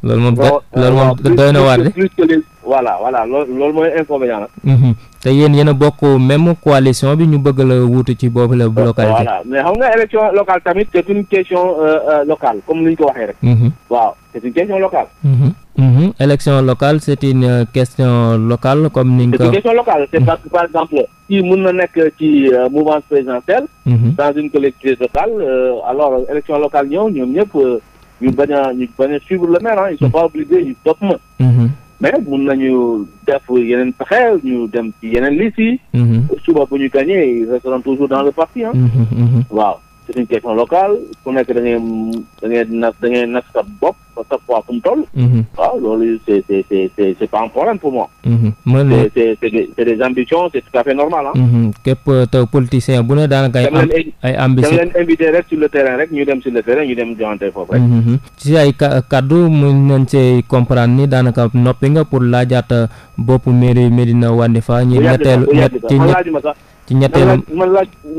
loolu moom euh, loolu moom doy na waar de voilà voilà loolu loolu mooy inconvénient nag mhm. te yéen yéen a bokk même coalition bi ñu bëgg la wuutu ci boobu la localité voilà mais xam nga élection locale tamit c'est une question euh, euh, locale comme ni ñu ko waxee rek mhm. waaw c'est une question locale mhm. élection locale c'est une question locale comme ni nga ko. c'est une question locale c'est parce que par exemple kii mën na nekk ci mouvance présidentielle dans une collectivité locale alors élection locale ñëw ñoom ñëpp ñu bañ a ñu bañ a suivre le maire ah ils sont pas obligés ñu topp ma. mais mun nañu def yeneen pexe ñu dem yeneen liste yi. Mm-hmm. suba bu ñu gagné toujours dans le parti ah. waaw. c'est une question locale ku da ngay da ngay nas da ngay nas sa bopp sa poids fu mu toll. Mhm. waaw loolu c'est c'est c'est c'est pas un problème pour moi. Mhm. mën na c'est c'est ay. da leen invité rek sur le terrain rek ñu dem sur le terrain mhm. kaddu mën nañ see comprendre ni daanaka noppi nga pour laajaat euh, bopp mairie Médina Wandifa. ñu ñetteelu ci ñetteelu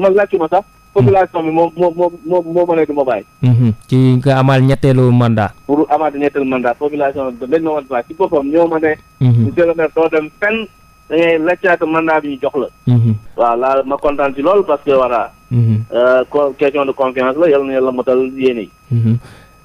man laaj man sax. population bi moo moo moo moo ma ne du ma bàyyi. Mhm. ci nga amal ñetteelu mandat. pour amaat ñetteelu mandat population bi dañ ma wan baax ci boppam ñoo ma ne. Mhm. monsieur dem fenn da ngay mandat bi ñu jox la. Mhm. waaw laa ma kontaan ci loolu parce que voilà. Euh, confiance la yal na yàlla motal yéene yi.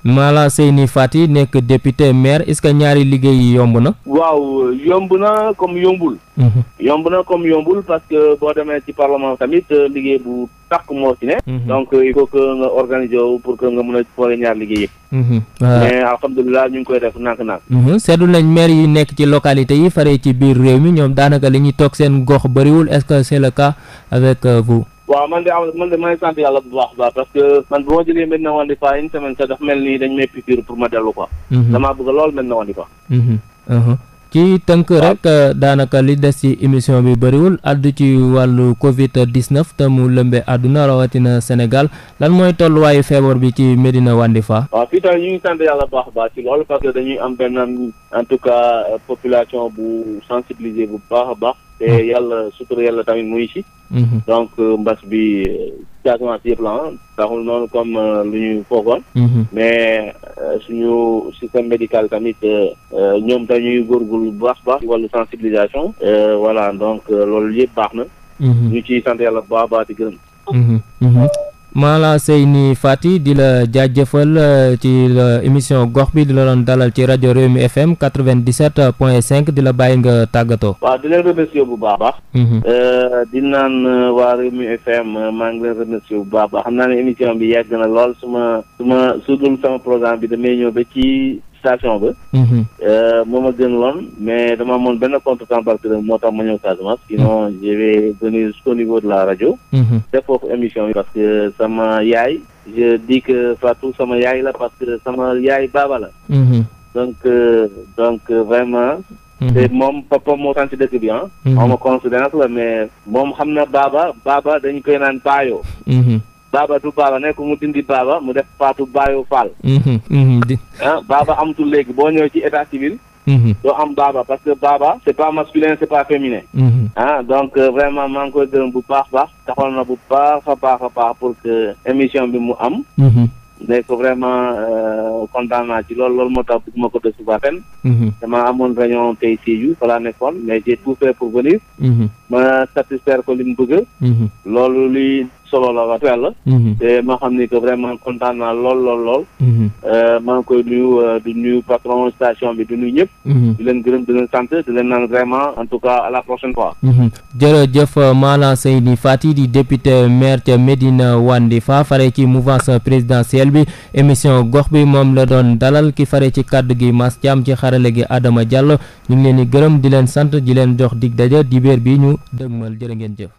Mala Seyni Fati nekk député maire est-ce que ñaari liggéey yi yomb na. waaw yomb na comme yombul. Mhm. yomb na comme yombul parce que boo demee ci parlement tamit euh, liggéey bu takk moo ci ne. Mhm. donc euh, il faut que nga organiser wu pour que nga mën a foole ñaar liggéey yëpp. Mhm. Euh, mais alhamdulilah ñu ngi koy def nànk-nànk. seetlu nañ maire yi nekk ci localité yi faree ci biir réew mi ñoom daanaka li ñuy toog seen gox bëriwul est-ce que c'est le cas avec vous. waaw man de am man de may sant yàlla bu baax baax parce que man bu ma jógee mel na woon di fa une semaine sa dafa mel nii dañ may piqûre pour ma dellu quoi. Mhm. damaa bëgg lool mel na woon ci tënk rek euh, daanaka li des ci émission bi bëriwul addu ci wàllu Covid 19 te mu lëmbee àdduna rawatina Sénégal lan mooy tolluwaayu feebar bi ci Medina Wandifa. waaw fii tamit ñu sant yàlla baax baax ci loolu parce que dañuy am benn en tout cas euh, population a te hmm. yàlla sutura yàlla tamit mu ngi hmm. donc mbas bi Casamance yëpp la taxul noonu comme euh, lu ñu foogoon. Hmm. mais euh, suñu système médical tamit euh, ñoom dañuy góorgóorlu bu baax baax. ci wàllu sensibilisation. voilà donc loolu yëpp baax na. ñu ciy sant yàlla bu baax a baax di Mala Seyni Fati di la jaajëfal euh, ci émission gox bi di la doon dalal ci rajo Rewmi FM 97 point 5 di la bàyyi nga tàggatoo. waaw di leen remercier bu baax a baax. Mhm. Euh, di naan euh, waa Rewmi FM maa ngi leen remercier bu baax xam naa ne émission bi yàgg na lool su ma su ma su dul sama programme bi damay ñëw ba ci. station ba. Mhm. Euh, moom a gën woon mais dama amoon benn contretemps parce que moo tax ma ñëw Casamance. sinon mhm. je vais venir jusqu'au niveau de la rajo. Mhm. def foofu émission yi. parce que sama yaay je dis que Fatou sama yaay la parce que sama yaay baaba la. donc euh, donc euh, vraiment. te moom papa moo sant dëkk bi ah. xaw ma coïncidence la mais moom xam na baaba baaba dañ koy naan baayoo. baaba du baaba nekk mu dindi baaba mu def faatu baayu faal. Mhm, mhm, ah baaba amatul léegi boo ñëwee ci état civil. Mhm. doo am baaba parce que baaba c'est pas masculin c'est pas féminin. ah donc euh, vraiment maa ngi koy gërëm bu baax baax taxoon na bu baax a baax a baax pour que émission bi mu am. nekk vraiment euh, kontaan naa ci loolu loolu moo tax bëgg ma ko def suba ren. dama amoon réunion tey Sédhiou fa laa nekkoon mais j'ai tout fait pour venir. ma satisfaire ko li li solo la wax la. Mm-hmm. te ma xam ni que vraiment kontaan naa lool lool lool. Mm-hmm. Euh, maa ngi koy nuyu euh, di nuyu patron station bi di nuyu ñëpp. Mm-hmm. di leen gërëm di leen sant di leen naan vraiment en tout cas à la prochaine fois. jërëjëf Malang Seyni Fati di député maire ca Médina Wandifa fare ci mouvance présidentielle bi émission gox bi moom la doon dalal ki fare ci kàddu gi Mass Thiam ci xarale gi Adama Diallo ñu ngi leen di gërëm di leen sant di leen jox dig daje dibéer bi ñu dëgmal